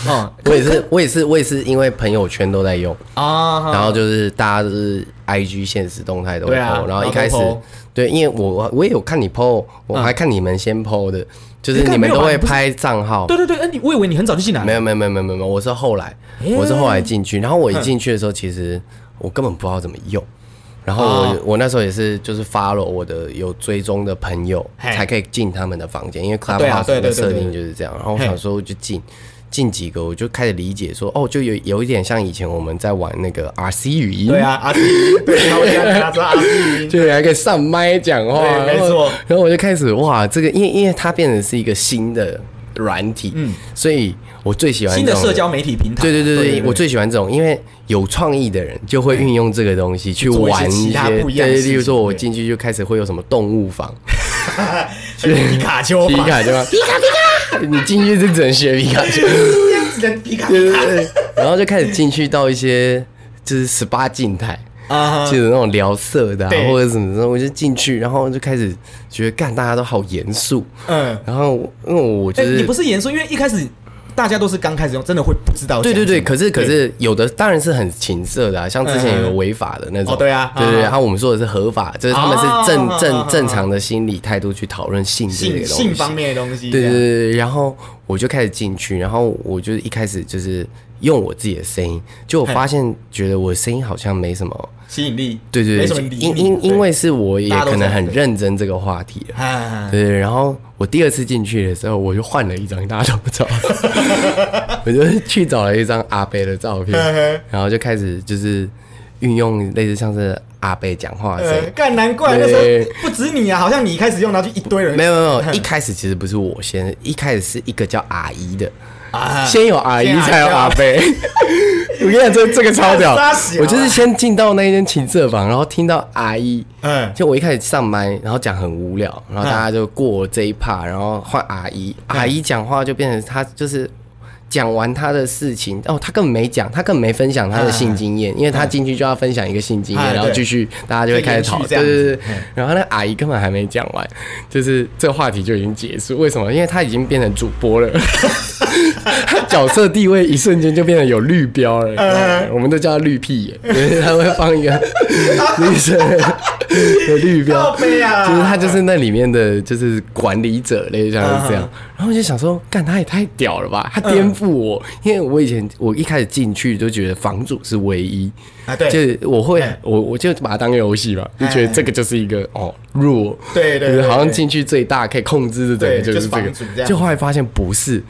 哦， [LAUGHS] [LAUGHS] 我也是，我也是，我也是，因為朋友圈都在用啊。 [LAUGHS] 然後就是大家都是 IG 限時動態都 po、啊。然後一開始對，因為我我也有看你 po，我還看你們先 po 的。嗯就是你們都會拍賬號，對對對，哎，你我以為你很早就進來沒，沒有沒有沒有沒有沒有，我是後來，欸、我是後來進去，然後我一進去的時候，哼其實我根本不知道怎麼用，然後我、哦、我那時候也是就是 follow 我的有追蹤的朋友嘿才可以進他們的房間，因為 Clubhouse 的設定就是這樣，然後我想說我就進。近幾個我就開始理解說，哦，就有有一點像以前我們在玩那個 R C 語音。對啊，R C，他們家拿着 R C，就還可以上麥講話。對，沒錯。然後我就開始哇，這個因為因為它變成是一個新的軟體，嗯，所以我最喜歡新的社交媒體平台。對對對對，我最喜歡這種，因為有創意的人就會運用這個東西去玩一些。對，比如說我進去就開始會有什麼動物房，皮卡丘，皮卡丘，皮卡皮卡。 [LAUGHS] 你進去就只能學皮卡丘，這樣子的皮卡丘。對，然後就開始進去到一些就是十八禁台啊，huh. 就是那種聊色的，啊、對或者什麼的我就進去，然後就開始覺得幹大家都好嚴肅，嗯，嗯，然後因為我覺、就、得、是欸、你不是嚴肅，因為一開始。大家都是剛開始用，真的會不知道。對對對，可是可是，對有的當然是很情色的啊，像之前有個違法的那種。嗯嗯對啊，對對。嗯、然後我們說的是合法，嗯、就是他們是正嗯嗯嗯正正常的心理態度去討論性之類的東西，性方面的東西。對對對，然後我就開始進去，然後我就一開始就是。用我自己的聲音，就我發現覺得我的聲音好像沒什麼吸引力。對對對，因因因為是我也可能很認真這個話題，對對對，然後我第二次進去的時候，我就換了一張大頭照，我就去找了一張阿伯的照片，然後就開始就是運用類似像是阿伯講話。幹，難怪那時候不止你啊，好像你一開始用它去一堆人。沒有沒有，一開始其實不是我先，一開始是一個叫阿姨的。啊、先有阿姨，先才有阿飛。啊、 [LAUGHS] 我跟你講，這 [LAUGHS] 這個超屌， [LAUGHS] 我就是先進到那一間情色房，然後聽到阿姨，嗯，就我一開始上麥，然後講很無聊，然後大家就過這一趴，然後換阿姨，嗯、阿姨講話就變成他就是。講完他的事情，哦，他根本沒講，他根本沒分享他的性經驗，因為他進去就要分享一個性經驗，然後繼續大家就會開始吵架，對對對，然後那個阿姨根本還沒講完，就是這話題就已經結束，為什麼？因為他已經變成主播了，他角色地位一瞬間就變成有綠標了，我們都叫他綠屁眼，所以他會放一個綠色。有綠標，啊，就是他，就是那裡面的就是管理者類，像是這樣。Uh huh. 然後我就想說，幹，他也太屌了吧！他顛覆我，Uh huh. 因為我以前我一開始進去就覺得房主是唯一。啊，對，就是我會，我我就把它當個遊戲吧。就覺得這個就是一個哦，弱，對對，好像進去最大可以控制是什麼，就是這個，就後來發現不是，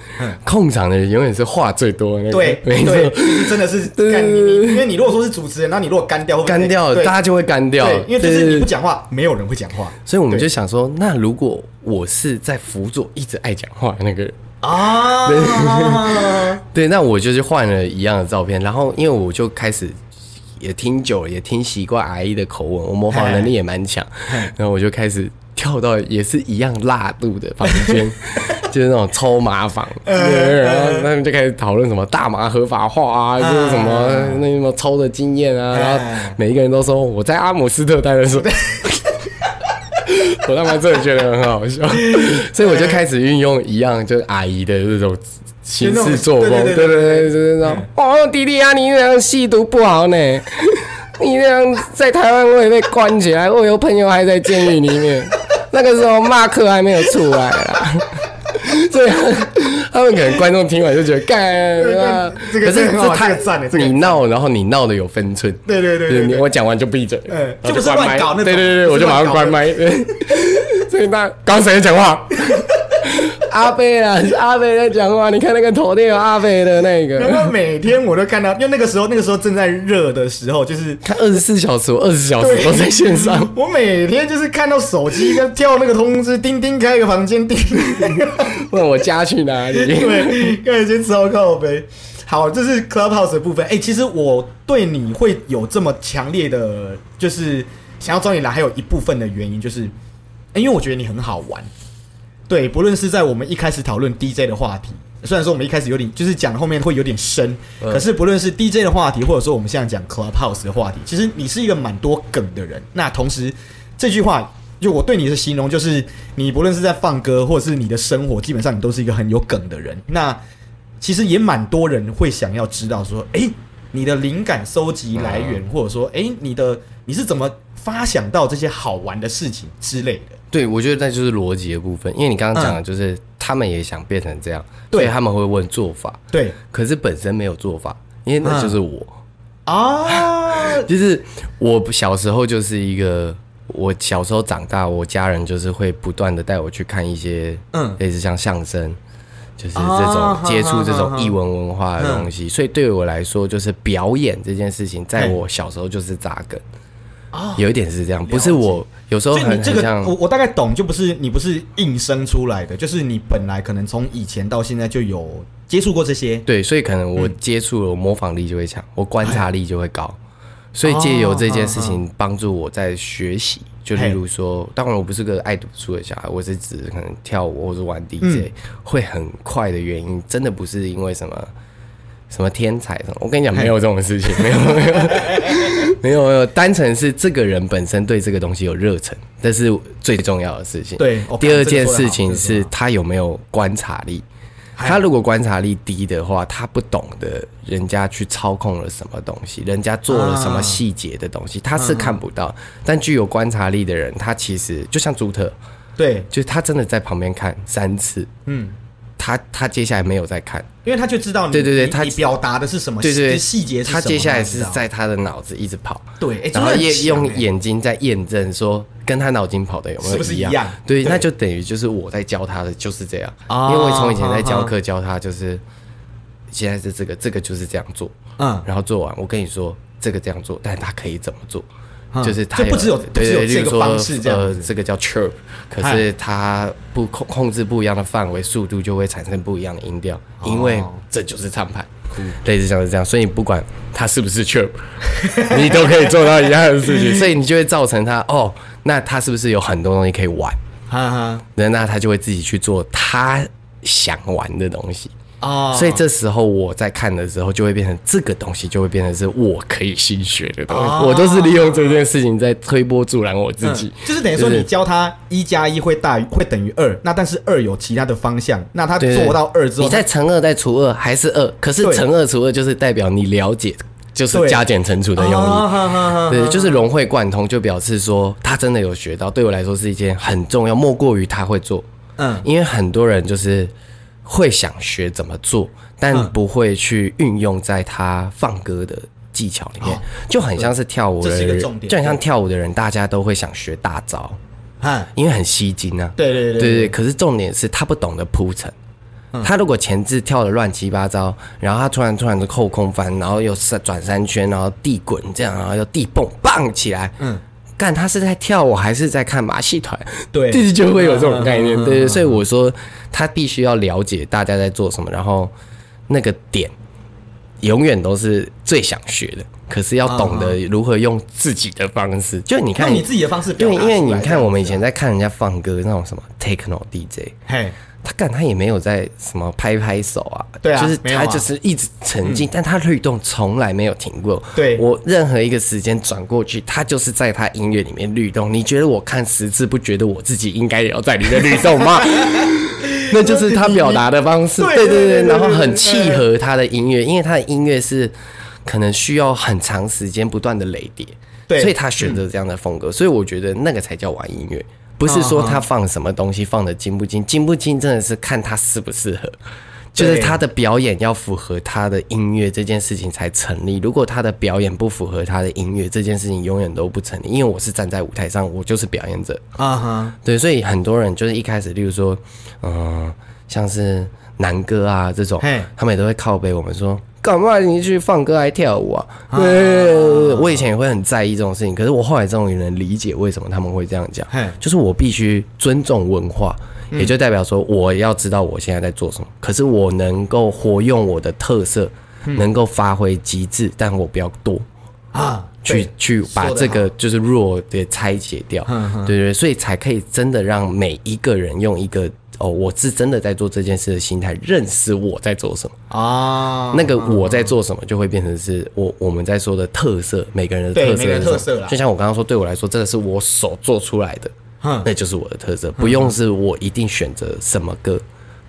控場的人永遠是話最多的那個。對，沒錯，真的是對。因為你如果說是主持人，那你如果乾掉，乾掉，大家就會乾掉。對，因為只是你不講話，沒有人會講話。所以我們就想說，那如果我是在輔佐一直愛講話的那個人啊，對，那我就是換了一樣的照片，然後因為我就開始。也聽久了，也聽習慣阿姨的口吻，我模仿能力也蠻強，嗯、然後我就開始跳到也是一樣辣度的房間， [LAUGHS] 就是那種抽麻房、嗯，對、然後他們就開始討論什麼大麻合法化啊，嗯、就是什麼那什麼抽的經驗啊，嗯、然後每一個人都說，我在阿姆斯特丹的時候，嗯、 [LAUGHS] 我他媽真的覺得很好笑，嗯、所以我就開始運用一樣，就是阿姨的那種。行事作風，對對對，就是說，哦，弟弟啊，你這樣吸毒不好呢，你這樣在台灣我也被關起來，我有朋友還在監獄裡面，那個時候馬克還沒有出來啊。這樣，他們可能觀眾聽完就覺得，干啊，這個是太讚了，你鬧，然後你鬧的有分寸，對對對，我講完就閉嘴，然後就關麥，就不是亂搞，對對對，我就馬上關麥。所以那剛剛誰在講話？阿貝啊，是阿貝在講話。你看那個頭有阿貝的那個。然後每天我都看到，因為那個時候，那個時候正在熱的時候，就是他二十四小時、二十小時都在線上。我每天就是看到手機跟跳那個通知，叮叮開一個房間，叮叮問我家去哪裡？因為開始先吃好咖唄。好，這是 Clubhouse 的部分。哎、欸，其實我對你會有這麼強烈的，就是想要找你來，還有一部分的原因，就是、欸、因為我覺得你很好玩。對，不論是在我們一開始討論 DJ 的話題，雖然說我們一開始有點就是講後面會有點深，嗯、可是不論是 DJ 的話題，或者說我們現在講 Clubhouse 的話題，其實你是一個蠻多梗的人。那同時這句話，就我對你的形容，就是你不論是在放歌，或者是你的生活，基本上你都是一個很有梗的人。那其實也蠻多人會想要知道說，哎、欸，你的靈感收集來源，嗯、或者說，哎、欸，你的你是怎麼發想到這些好玩的事情之類的。對，我覺得那就是邏輯的部分，因為你剛剛講的就是、嗯、他們也想變成這樣，對，所以他們會問做法，對，可是本身沒有做法，因為那就是我啊，嗯、 [LAUGHS] 就是我小時候就是一個，我小時候長大，我家人就是會不斷的帶我去看一些，嗯，類似像相聲，嗯、就是這種接觸這種藝文文化的東西，嗯、所以對我來說，就是表演這件事情，在我小時候就是扎根。嗯嗯有一點是這樣，不是我有時候。很，這個，像我我大概懂，就不是你不是硬生出來的，就是你本來可能從以前到現在就有接觸過這些。對，所以可能我接觸了，嗯、我模仿力就會強，我觀察力就會高。哎、所以借由這件事情幫助我在學習，哦、就例如說，啊啊啊、當然我不是個愛讀書的小孩，我是指可能跳舞或者玩 DJ、嗯、會很快的原因，真的不是因為什麼。什麼天才什麼？我跟你講，沒有這種事情， [LAUGHS] 沒有，沒有，沒有，沒有。單純是這個人本身對這個東西有熱忱，這是最重要的事情。對。第二件事情是他有沒有觀察力。Okay, 他如果觀察力低的話，他不懂得人家去操控了什麼東西，人家做了什麼細節的東西，他是看不到。啊、但具有觀察力的人，他其實就像朱特，對，就是他真的在旁邊看三次，嗯。他他接下來沒有在看，因為他就知道你，對對對，他你表達的是什麼，細節是什麼對、對、對，他接下來是在他的腦子一直跑，對，然後也用眼睛在驗證，說跟他腦筋跑的有沒有是不是一樣？對，那就等於就是我在教他的就是這樣，啊、因為我從以前在教課教他就是，啊、現在是這個這個就是這樣做，嗯，然後做完，我跟你說這個這樣做，但是他可以怎麼做？就是它就不只有，對就是說個方式呃，這個叫 chirp、嗯、可是它不控控制不一樣的範圍，速度就會產生不一樣的音調，哦、因為這就是唱盤，對、嗯，類似像是這樣，所以不管它是不是 chirp [LAUGHS] 你都可以做到一樣的事情， [LAUGHS] 所以你就會造成他，哦，那他是不是有很多東西可以玩？哈哈，那那他就會自己去做他想玩的東西。哦，oh. 所以這時候我在看的時候，就會變成這個東西就會變成是我可以新學的東西。我都是利用這件事情在推波助瀾我自己，嗯、就是等於說你教他一加一會大於會等於二，就是，那但是二有其他的方向，那他做到二之後，你在乘二再除二還是二，可是乘二除二就是代表你了解就是加減乘除的用意，對，oh. 對，就是融會貫通，就表示說他真的有學到。對我來說是一件很重要，莫過於他會做。嗯，oh. 因為很多人就是。會想學怎麼做，但不會去運用在他放歌的技巧裡面，嗯、就很像是跳舞的人，就很像跳舞的人，大家都會想學大招，嗯、因為很吸睛啊，對對對對，對，對，對，對，可是重點是他不懂得鋪陳，嗯、他如果前置跳的亂七八糟，然後他突然突然就後空翻，然後又轉三圈，然後地滾這樣，然後又地蹦棒起來，嗯幹，他是在跳舞還是在看馬戲團？對，弟弟 [LAUGHS] 就會有這種概念。對，嗎對，對，對， [LAUGHS] 所以我說他必須要了解大家在做什麼，然後那個點永遠都是最想學的。可是要懂得如何用自己的方式，啊啊就你看你自己的方式表演，啊，因為因為你看我們以前在看人家放歌那種什麼 techno DJ，他幹，他也沒有在什麼拍拍手啊，對啊，就是他就是一直沉浸，啊、但他律動從來沒有停過。對，我任何一個時間轉過去，他就是在他音樂裡面律動。你覺得我看十字不覺得我自己應該也要在裡面律動嗎？ [LAUGHS] [LAUGHS] 那就是他表達的方式， [LAUGHS] 對對對，然後很契合他的音樂，因為他的音樂是可能需要很長時間不斷的累疊，對所以他選擇這樣的風格。嗯、所以我覺得那個才叫玩音樂。不是說他放什麼東西，uh huh. 放的精不精，精不精真的是看他適不適合，對就是他的表演要符合他的音樂這件事情才成立。如果他的表演不符合他的音樂這件事情，永遠都不成立。因為我是站在舞台上，我就是表演者啊哈。Uh huh. 對，所以很多人就是一開始，例如說，嗯、呃，像是南哥啊這種，Hey. 他們也都會靠背我們說。幹嘛你去放歌還跳舞啊？對，我以前也會很在意這種事情，可是我後來終於能理解為什麼他們會這樣講。就是我必須尊重文化，也就代表說我要知道我現在在做什麼，可是我能夠活用我的特色，能夠發揮極致，但我不要多啊，去去把這個就是弱給拆解掉。對對，所以才可以真的讓每一個人用一個。哦，我是真的在做這件事的心態，認識我在做什麼哦，oh, 那個我在做什麼就會變成是我我們在說的特色，每個人的特色。是什麼？特色就像我剛剛說，對我來說，這個是我手做出來的，嗯、那就是我的特色。不用是我一定選擇什麼歌，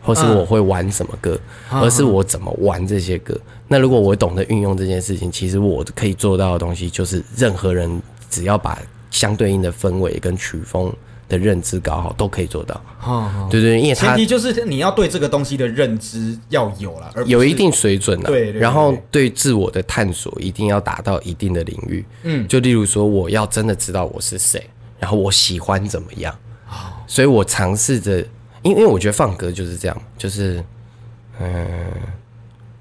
或是我會玩什麼歌，而是我怎麼玩這些歌。那如果我懂得運用這件事情，其實我可以做到的東西就是，任何人只要把相對應的氛圍跟曲風。的認知搞好都可以做到，哦哦、對對，因為它前提就是你要對這個東西的認知要有了，有一定水準了，啊，對，對，然後對自我的探索一定要達到一定的領域，嗯，就例如說我要真的知道我是誰，然後我喜歡怎麼樣，哦、所以我嘗試着，因為因為我覺得放歌就是這樣，就是，嗯。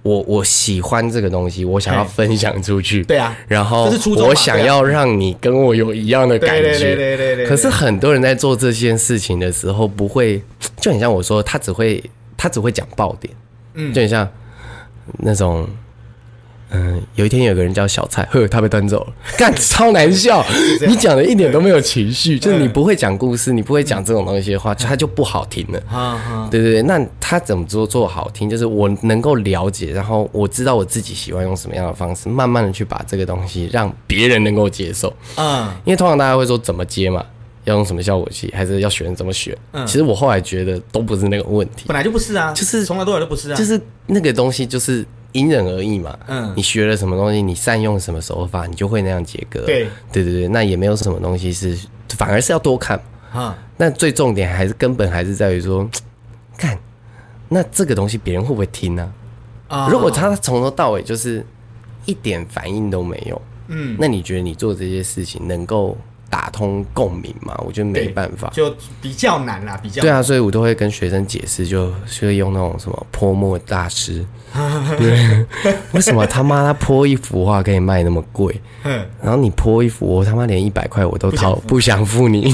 我我喜歡這個東西，我想要分享出去。對啊，然後我想要讓你跟我有一樣的感覺。是，可是很多人在做這件事情的時候，不會，就很像我說，他只會他只會講爆點，嗯，就很像那種。嗯嗯，有一天有個人叫小蔡，呵，他被端走了，幹，超難笑。對你講的一點都沒有情緒，是就是你不會講故事，對你不會講這種東西的話，它對就，就不好聽了。嗯、對對對，那他怎麼做做好聽？就是我能夠了解，然後我知道我自己喜歡用什麼樣的方式，慢慢的去把這個東西讓別人能夠接受。嗯，因為通常大家會說怎麼接嘛，要用什麼效果器，還是要選怎麼選？嗯、其實我後來覺得都不是那個問題，本來就不是啊，就是從來多少都不是啊，就是那個東西就是。因人而異嘛，嗯，你學了什麼東西，你善用什麼手法，你就會那樣解歌。對，對對對，那也沒有什麼東西是，反而是要多看。啊哈，那最重點還是根本還是在於說，看那這個東西別人會不會聽呢？啊，哦、如果他從頭到尾就是一點反應都沒有，嗯，那你覺得你做這些事情能夠？打通共鳴嘛，我覺得沒辦法，就比較難啦。比較難，對啊，所以我都會跟學生解釋，就是用那種什麼潑墨大師， [LAUGHS] 對，為什麼他媽他潑一幅畫可以賣那麼貴， [LAUGHS] 然後你潑一幅，我他媽連一百塊我都掏，不想，不想付你。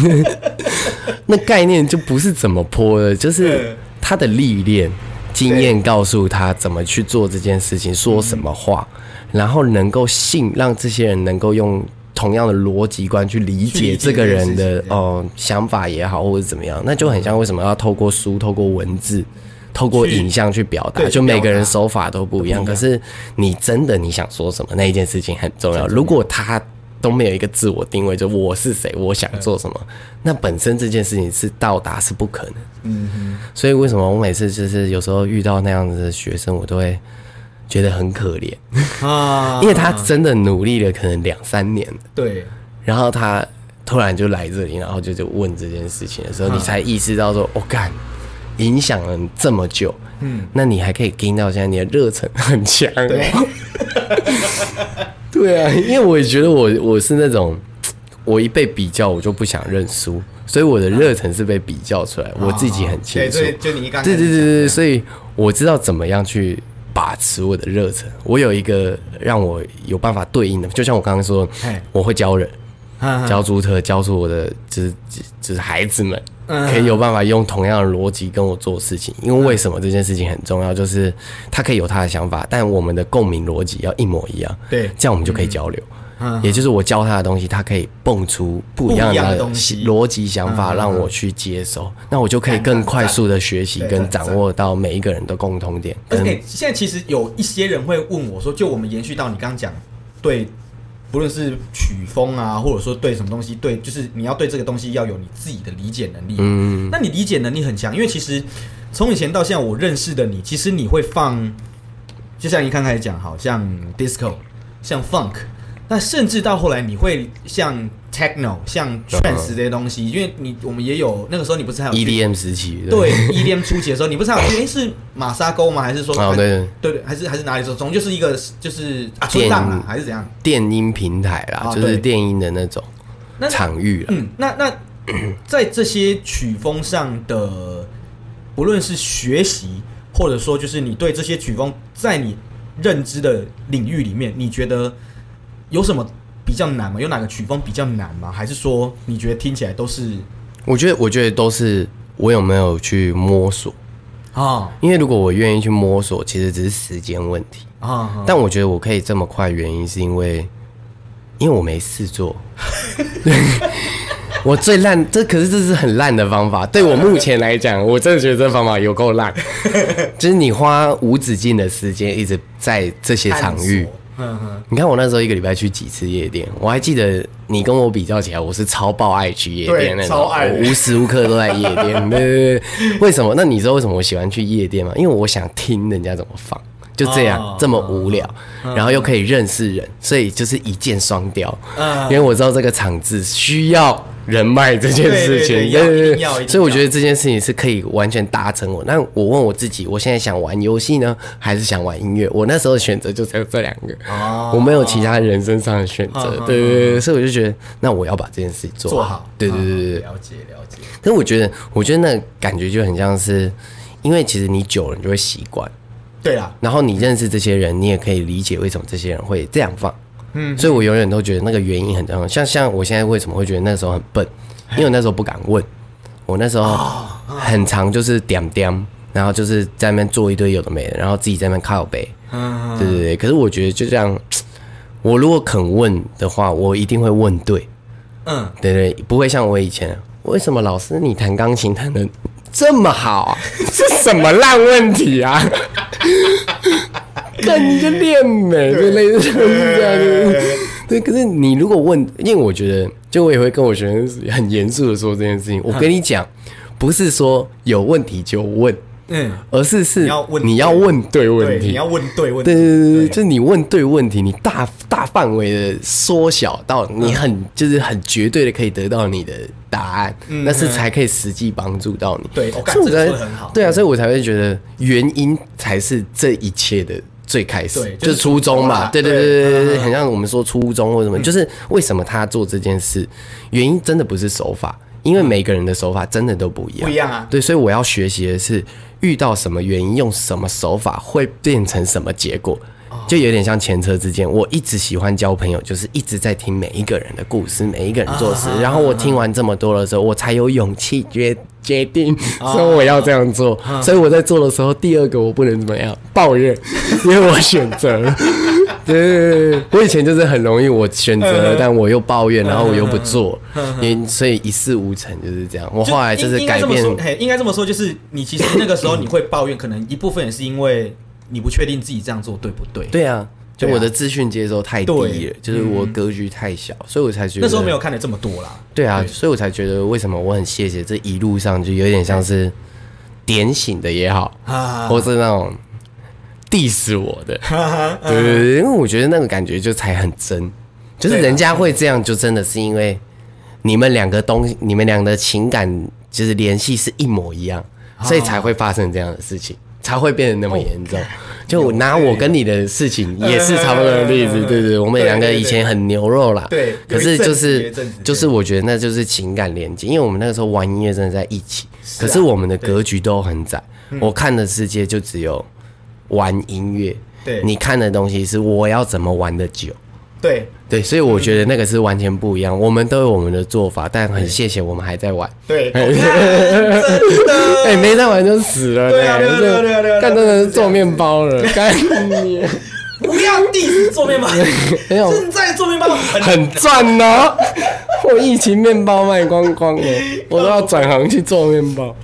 [LAUGHS] 那概念就不是怎麼潑的，就是他的歷練經驗告訴他怎麼去做這件事情，對說什麼話，嗯嗯然後能夠信，讓這些人能夠用。同樣的邏輯觀去理解這個人的哦、呃、想法也好，或者怎麼樣，那就很像為什麼要透過書、透過文字、透過影像去表達？去就每個人手法都不一樣，可是你真的你想說什麼那一件事情很重要。重要，如果他都沒有一個自我定位，就我是誰，我想做什麼，嗯、那本身這件事情是到達是不可能。嗯哼，所以為什麼我每次就是有時候遇到那樣子的學生，我都會。覺得很可憐啊，因為他真的努力了，可能兩三年。對，然後他突然就來這裡，然後就就問這件事情的時候，啊、你才意識到說，我、哦、幹影響了這麼久，嗯，那你還可以跟到現在，你的熱忱很強。對，欸、 [LAUGHS] 對啊，因為我也覺得我我是那種，我一被比較，我就不想認輸，所以我的熱忱是被比較出來，啊、我自己很清楚。啊啊啊啊、對，對，就你剛對對對對，所以我知道怎麼樣去。把持我的熱忱，我有一個讓我有辦法對應的，就像我剛剛說，嘿我會教人，呵呵教朱特，教出我的就是就是孩子們，呵呵可以有辦法用同樣的邏輯跟我做事情。因為為什麼這件事情很重要？呵呵就是他可以有他的想法，但我們的共鳴邏輯要一模一樣，對，這樣我們就可以交流。嗯嗯也就是我教他的東西，他可以蹦出不一樣的東西、邏輯想法，讓我去接受，嗯嗯、那我就可以更快速的學習跟掌握到每一個人的共同點。OK，跟現在其實有一些人會問我說，就我們延續到你剛剛講，對，不論是曲風啊，或者說對什麼東西，對，就是你要對這個東西要有你自己的理解能力。嗯，那你理解能力很強，因為其實從以前到現在，我認識的你，其實你會放，就像你剛開始講，好像 Disco，像 Funk。那甚至到後來，你會像 techno、像 trance 這些東西，uh huh. 因為你我們也有那個時候，你不是還有 EDM 時期？對，對 EDM 初期的時候，你不是還有？哎、欸，是馬沙溝嗎？還是說？哦 [LAUGHS] 是，oh, 對對對，還是還是哪裡？說，總就是一個就是電啊，存檔、啊、還是怎樣？電音平台啦，oh, 對就是電音的那種場域啦。那嗯，那那 [COUGHS] 在這些曲風上的，不論是學習，或者說就是你對這些曲風，在你認知的領域裡面，你覺得？有什麼比較難嗎？有哪個曲風比較難嗎？還是說你覺得聽起來都是？我覺得，我覺得都是我有沒有去摸索啊？Oh. 因為如果我願意去摸索，其實只是時間問題啊。Oh. 但我覺得我可以這麼快，原因是因為因為我沒事做。 [LAUGHS] [LAUGHS] 我最爛，這可是這是很爛的方法。對我目前來講， [LAUGHS] 我真的覺得這方法有夠爛。 [LAUGHS] 就是你花無止境的時間，一直在這些場域。嗯，你看我那時候一個禮拜去幾次夜店？我還記得，你跟我比較起來，我是超爆愛去夜店的，對那種，超愛，我無時無刻都在夜店。 [LAUGHS] 對對對，為什麼？那你知道為什麼我喜歡去夜店嗎？因為我想聽人家怎麼放。就這樣，這麼無聊，然後又可以認識人，所以就是一箭雙鵰。因為我知道這個場子需要人脈這件事情，對對對，所以我覺得這件事情是可以完全達成我。那我問我自己，我現在想玩遊戲呢，還是想玩音樂？我那時候選擇就只有這兩個，我沒有其他人生上的選擇。對對對，所以我就覺得，那我要把這件事情做好。對對對對，了解了解。但我覺得，我覺得那感覺就很像是，因為其實你久了，你就會習慣。對啊，然後你認識這些人，你也可以理解為什麼這些人會這樣放。嗯，所以我永遠都覺得那個原因很重要。像像我現在為什麼會覺得那時候很笨，因為我那時候不敢問。我那時候很常就是點點，然後就是在那邊做一堆有的沒的，然後自己在那邊靠北。嗯，對對對。可是我覺得就這樣，我如果肯問的話，我一定會問對。嗯，對對，不會像我以前，為什麼老師你彈鋼琴彈的這麼好、啊， [LAUGHS] 是什麼爛問題啊？哈 [LAUGHS] [LAUGHS] 幹，你就就類似就這練美之類的，對，可是你如果問，因為我覺得，就我也會跟我學生很嚴肅的說這件事情。我跟你講，哼不是說有問題就問。嗯，而是是要問你要問對問題，你要問對問題。對對對，就是你問對問題，你大大範圍的縮小到你很就是很絕對的可以得到你的答案，但是才可以實際幫助到你。對，我感覺得很好。對啊，所以我才會覺得原因才是這一切的最開始，就是初衷嘛。對對對對對，很像我們說初衷或什麼，就是為什麼他做這件事，原因真的不是手法，因為每個人的手法真的都不一樣，不一樣啊。對，所以我要學習的是。遇到什麼原因，用什麼手法，會變成什麼結果，就有點像前車之鑑。我一直喜歡交朋友，就是一直在聽每一個人的故事，每一個人做事。Uh huh. 然後我聽完這麼多的時候，我才有勇氣決決定說我要這樣做。Uh huh. 所以我在做的時候，第二個我不能怎麼樣抱怨，因為我選擇了。 [LAUGHS] 對對對，我以前就是很容易我選擇，但我又抱怨，然後我又不做，所以一事無成就是這樣。我後來就是改變，應該這麼說，就是你其實那個時候你會抱怨，可能一部分也是因為你不確定自己這樣做對不對。對啊，就我的資訊接收太低了，就是我格局太小，所以我才覺得那時候沒有看得這麼多啦。對啊，所以我才覺得為什麼我很謝謝這一路上就有點像是點醒的也好，或是那種。地是我的，啊哈啊、對對對，因為我覺得那個感覺就才很真，就是人家會這樣，就真的是因為你們兩個東西，你們倆的情感就是聯繫是一模一樣，所以才會發生這樣的事情，啊、哈才會變得那麼嚴重。啊、哈就拿我跟你的事情也是差不多的例子，啊、哈對，對對，對對對我們兩個以前很牛肉啦，對，對對對可是就是就是我覺得那就是情感連接，因為我們那個時候玩音樂真的在一起，是啊、可是我們的格局都很窄，對我看的世界就只有，玩音樂，對，你看的東西是我要怎麼玩的久，對對，所以我覺得那個是完全不一樣。我們都有我們的做法，但很謝謝我們還在玩，對，對嗯欸、沒在玩就死了，對、啊，幹真的是做麵包了，幹你、啊。不要地做麵包，正 [LAUGHS] 有在做麵包很、啊很啊，很讚呢。我疫情麵包賣光光了，我都要轉行去做麵包。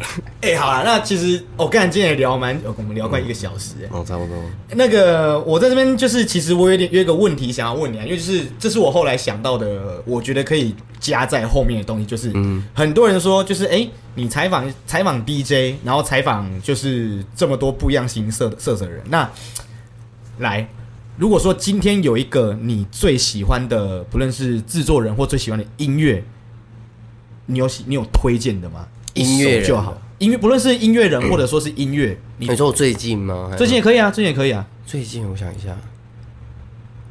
哎、 [LAUGHS] 欸，好啦，那其實我、哦、跟你今天也聊蠻，我們聊快一個小時、嗯，哦，差不多。那個我在這邊就是，其實我有點有一個問題想要問你、啊，因為就是這是我後來想到的，我覺得可以加在後面的東西，就是、嗯、很多人說，就是哎、欸，你採訪採訪 DJ，然後採訪就是這麼多不一樣型色色澤的人，那來。如果說今天有一個你最喜歡的，不論是制作人或最喜歡的音樂，你有你有推薦的嗎？音樂就好，音樂不論是音樂人或者說是音樂，嗯、你，你說我最近嗎？最近也可以啊，最近也可以啊。最近我想一下，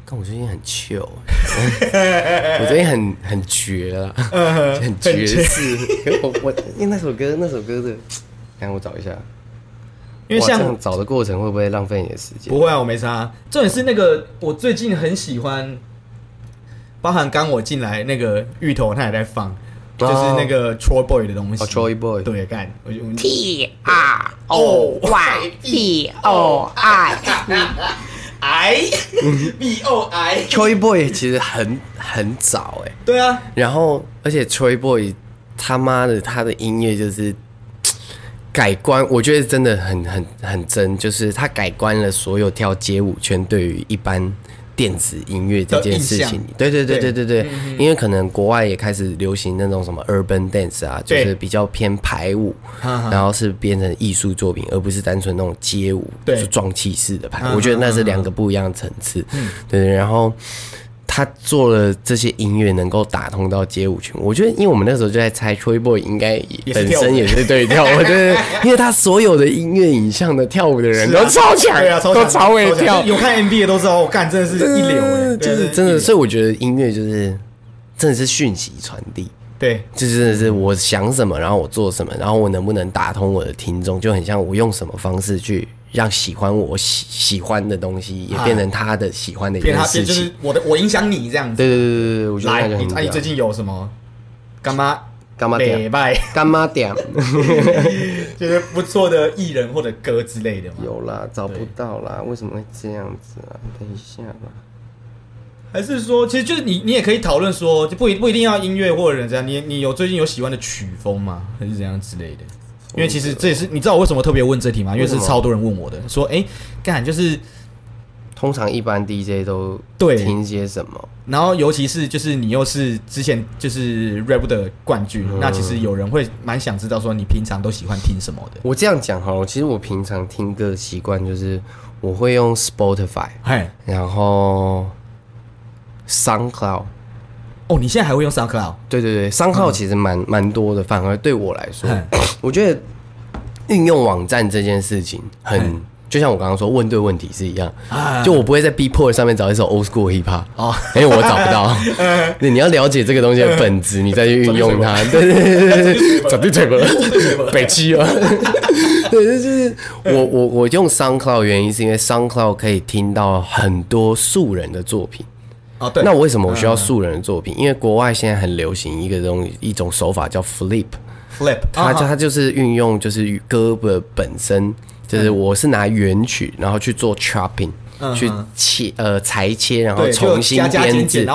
但我最近很糗， [LAUGHS] [LAUGHS] [LAUGHS] 我最近很很絕了，呃、 [LAUGHS] 很絕絕。 [LAUGHS] 我、欸、那首歌，那首歌的，等下我找一下。因為像找的過程會不會浪費你的時間？不會啊，我沒差。重點是那個，我最近很喜歡，包含剛我進來那個芋頭，他也在放，Oh, 就是那個 Troy Boy 的東西。Oh, Troy Boy 對，幹我就 T R O Y o I, [LAUGHS] T O I I B O I Troy Boy 其實很很早哎，欸，對啊。然後，而且 Troy Boy 他媽的他的音樂就是。改觀，我覺得真的很很很真，就是他改觀了所有跳街舞圈對於一般電子音樂這件事情，對對對對對對，因為可能國外也開始流行那種什麼 urban dance 啊，就是比較偏排舞，然後是變成藝術作品，而不是單純那種街舞就是撞氣式的排舞。我覺得那是兩個不一樣的層次，對，然後。他做了這些音樂，能夠打通到街舞群，我覺得，因為我們那時候就在猜 TroyBoi 應該本身也是對跳舞，就是因為他所有的音樂影像的跳舞的人都超強，啊，對啊，超都超會跳。有看 MV 的都知道，我幹，真的是一流，就是真的。所以我覺得音樂，就是，對就是真的是訊息傳遞，對，就真的是我想什麼，然後我做什麼，然後我能不能打通我的聽眾，就很像我用什麼方式去。讓喜歡我喜喜歡的東西也變成他的喜歡的一件事情，啊，他變就是我的我影響你這樣子。對對對對對，來我覺得那個很妙。你最近有什麼乾媽乾媽點乾媽點？麗 [LAUGHS] [LAUGHS] 就是不錯的藝人或者歌之類的嗎？有啦，找不到啦，對為什麼會這樣子啊？等一下吧。還是說，其實就是你，你也可以討論說，就不一不一定要音樂或者怎樣。你你有最近有喜歡的曲風嗎？還是怎樣之類的？因為其實這也是你知道我為什麼特別問這題嗎？因為是超多人問我的，說哎幹、欸、就是，通常一般 DJ 都對聽些什麼，然後尤其是就是你又是之前就是 rap 的冠軍，嗯、那其實有人會蠻想知道說你平常都喜歡聽什麼的。我這樣講哈，其實我平常聽歌的習慣就是我會用 Spotify，哎嘿，然後 SoundCloud。哦，你現在還會用 SoundCloud？對對對，SoundCloud 其實蠻蠻多的，反而對我來說，我覺得運用網站這件事情，很就像我剛剛說問對問題是一樣，就我不會在 Beatport 上面找一首 Old School Hip Hop，哦，因為我找不到。你要了解這個東西的本質，你再去運用它。對對對對對，找對嘴北七啊。對，就是我我我用 SoundCloud 原因，是因為 SoundCloud 可以聽到很多素人的作品。哦、對，那為什麼我需要素人的作品？嗯、哼因為國外現在很流行一個東西，一種手法叫 flip，flip，它它就是運用就是 cover 本身，就是我是拿原曲，然後去做 chopping，、嗯、哼去切呃裁切，然後重新編制。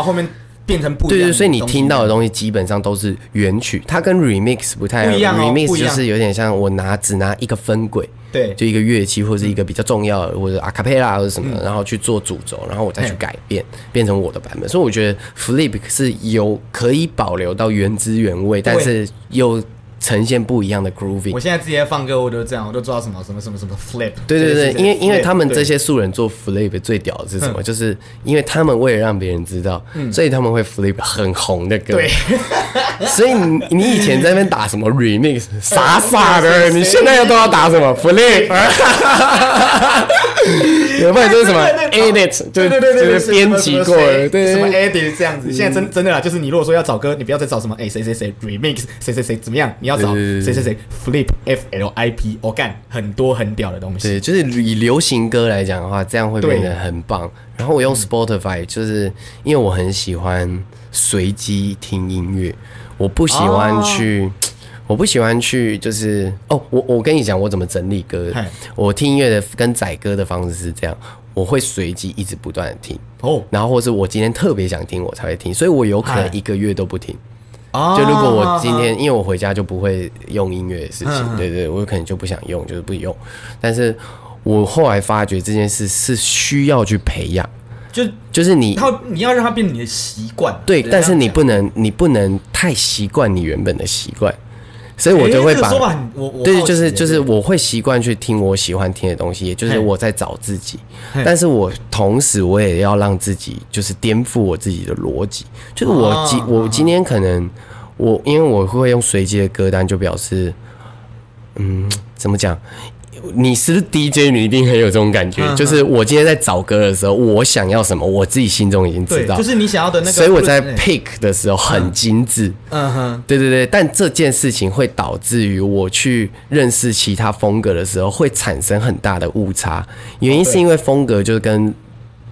變成不一樣，對對，所以你聽到的東西基本上都是原曲，它跟 remix 不太好不一樣、哦。remix 就是有點像我拿，我拿只拿一個分軌，對，就一個樂器或是一個比較重要的，嗯、或者 acapella 或者什麼，嗯、然後去做主軸，然後我再去改變，嗯、變成我的版本。所以我覺得 flip 是有可以保留到原汁原味，嗯、但是有。呈現不一樣的 groovy。我現在直接放歌，我都這樣，我都做到什麼什麼什麼什麼 flip。對對對，因為因為他們這些素人做 flip 對最屌的是什麼？哼就是因為他們為了讓別人知道，嗯、所以他們會 flip 很紅的歌。對 [LAUGHS] 所以你你以前在那邊打什麼 remix，傻傻的，你現在又都要打什麼 flip。 [LAUGHS] 要不然就是什麼 edit，對對對對，編輯麼過，誰對什麼 edit 這樣子。嗯、現在真的真的啦，就是你如果說要找歌，你不要再找什麼誒誰、欸、誰誰 remix，誰誰誰怎麼樣，你要找誰誰誰 flip f l i p or、oh，幹、很多很屌的東西。對，就是以流行歌來講的話，這樣會變得很棒。對然後我用 Spotify，就是因為我很喜歡隨機聽音樂，我不喜歡去、哦。我不喜歡去，就是哦，我我跟你講，我怎麼整理歌。我聽音樂的跟載歌的方式是這樣，我會隨機一直不斷的聽哦，然後或是我今天特別想聽，我才會聽。所以我有可能一個月都不聽。就如果我今天，因為我回家就不會用音樂的事情，對對，我可能就不想用，就是不用。但是我後來發覺這件事是需要去培養，就就是你，要你要讓它變成你的習慣。對，但是你不能，你不能太習慣你原本的習慣。所以我就會把，對，就是就是，我會習慣去聽我喜歡聽的東西，也就是我在找自己。但是我同時我也要讓自己，就是顛覆我自己的邏輯。就是我今我今天可能我，因為我會用隨機的歌單，就表示，嗯，怎麼講？你是不是 DJ？你一定很有這種感覺。就是我今天在找歌的時候，我想要什麼，我自己心中已經知道。就是你想要的那個，所以我在 pick 的時候很精緻。嗯哼，對對對。但這件事情會導致於我去認識其他風格的時候，會產生很大的誤差。原因是因為風格就是跟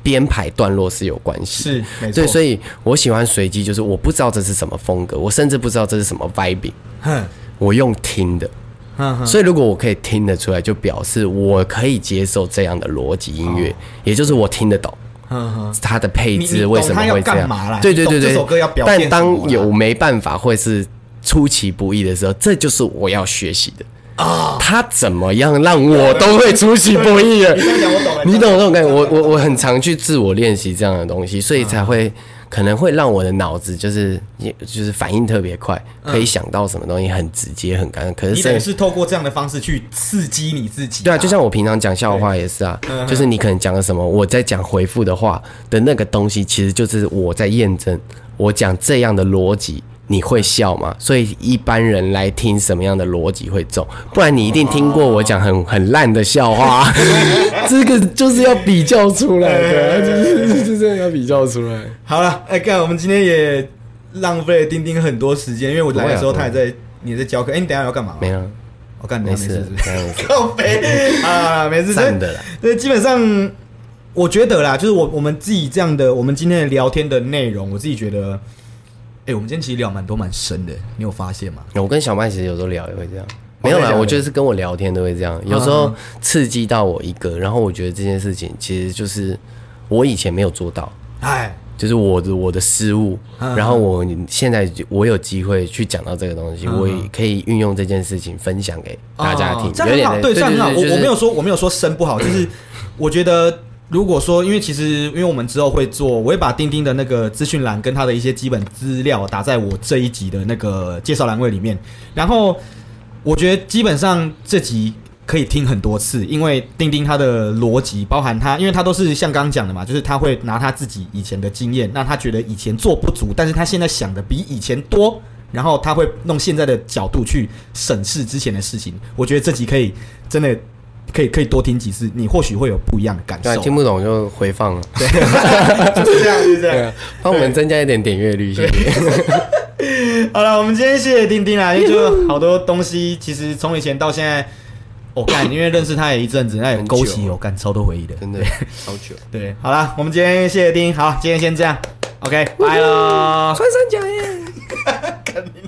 編排段落是有關係。是，沒錯。所以，我喜歡隨機，就是我不知道這是什麼風格，我甚至不知道這是什麼 vibe。哼，我用聽的。呵呵所以，如果我可以聽得出來，就表示我可以接受這樣的邏輯音樂，哦、也就是我聽得懂。呵呵它的配置為什麼會這樣？對對對對，啊、但當有沒辦法或是出其不意的時候，這就是我要學習的啊！他、哦、怎麼樣讓我都會出其不意的？你懂這，你懂那種感覺？感覺我我我很常去自我練習這樣的東西，所以才會。呵呵可能會讓我的腦子就是，也就是反應特別快，可以想到什麼東西很直接很乾。嗯、可是誰，你也是透過這樣的方式去刺激你自己、啊。對啊，就像我平常講笑話也是啊，對就是你可能講了什麼，我在講回復的話的那個東西，其實就是我在驗證我講這樣的邏輯你會笑嗎？所以一般人來聽什麼樣的邏輯會走，不然你一定聽過我講很很爛的笑話， [LAUGHS] 這個就是要比較出來的。就是要比較出來。好了，哎、欸、幹，我們今天也浪費 DinDin 很多時間，因為我來的時候他也在，也在教課。哎、欸，你等下要幹嘛？沒了，我幹、oh, 沒事，幹我靠背啊，沒事真的。對，基本上我覺得啦，就是我我們自己這樣的，我們今天的聊天的內容，我自己覺得，哎、欸，我們今天其實聊蠻多蠻深的，你有發現嗎？我跟小麥其實有時候聊也會這樣，沒有啦，哦、我覺得是跟我聊天都會這樣，有時候刺激到我一個，然後我覺得這件事情其實就是。我以前沒有做到，哎唉，就是我的我的失誤，嗯、然後我現在我有機會去講到這個東西，嗯、我也可以運用這件事情分享給大家聽，哦、這樣很好，對，對這樣很好。我對、就是、我沒有說我沒有說生不好，嗯、就是我覺得如果說，因為其實因為我們之後會做，我會把 DinDin 的那個資訊欄跟他的一些基本資料打在我這一集的那個介紹欄位裡面，然後我覺得基本上這集。可以聽很多次，因為丁丁他的邏輯包含他，因為他都是像剛剛講的嘛，就是他會拿他自己以前的經驗，那他覺得以前做不足，但是他現在想的比以前多，然後他會弄現在的角度去審視之前的事情。我覺得這集可以真的可以可以多聽幾次，你或許會有不一樣的感受。對、啊，聽不懂就回放了，對、啊，就是這樣，就是這樣、啊。幫我們增加一點點閱率，謝謝。對 [LAUGHS] 好了，我們今天謝謝丁丁啊，因為就好多東西，其實從以前到現在。我幹、哦，因為認識他也一陣子，那有勾起我幹、哦、超多回憶的，真的好久。對，超糗對，好啦，我們今天謝謝丁，好，今天先這樣 [LAUGHS] ，OK，拜了，穿山甲耶，哈哈，肯定。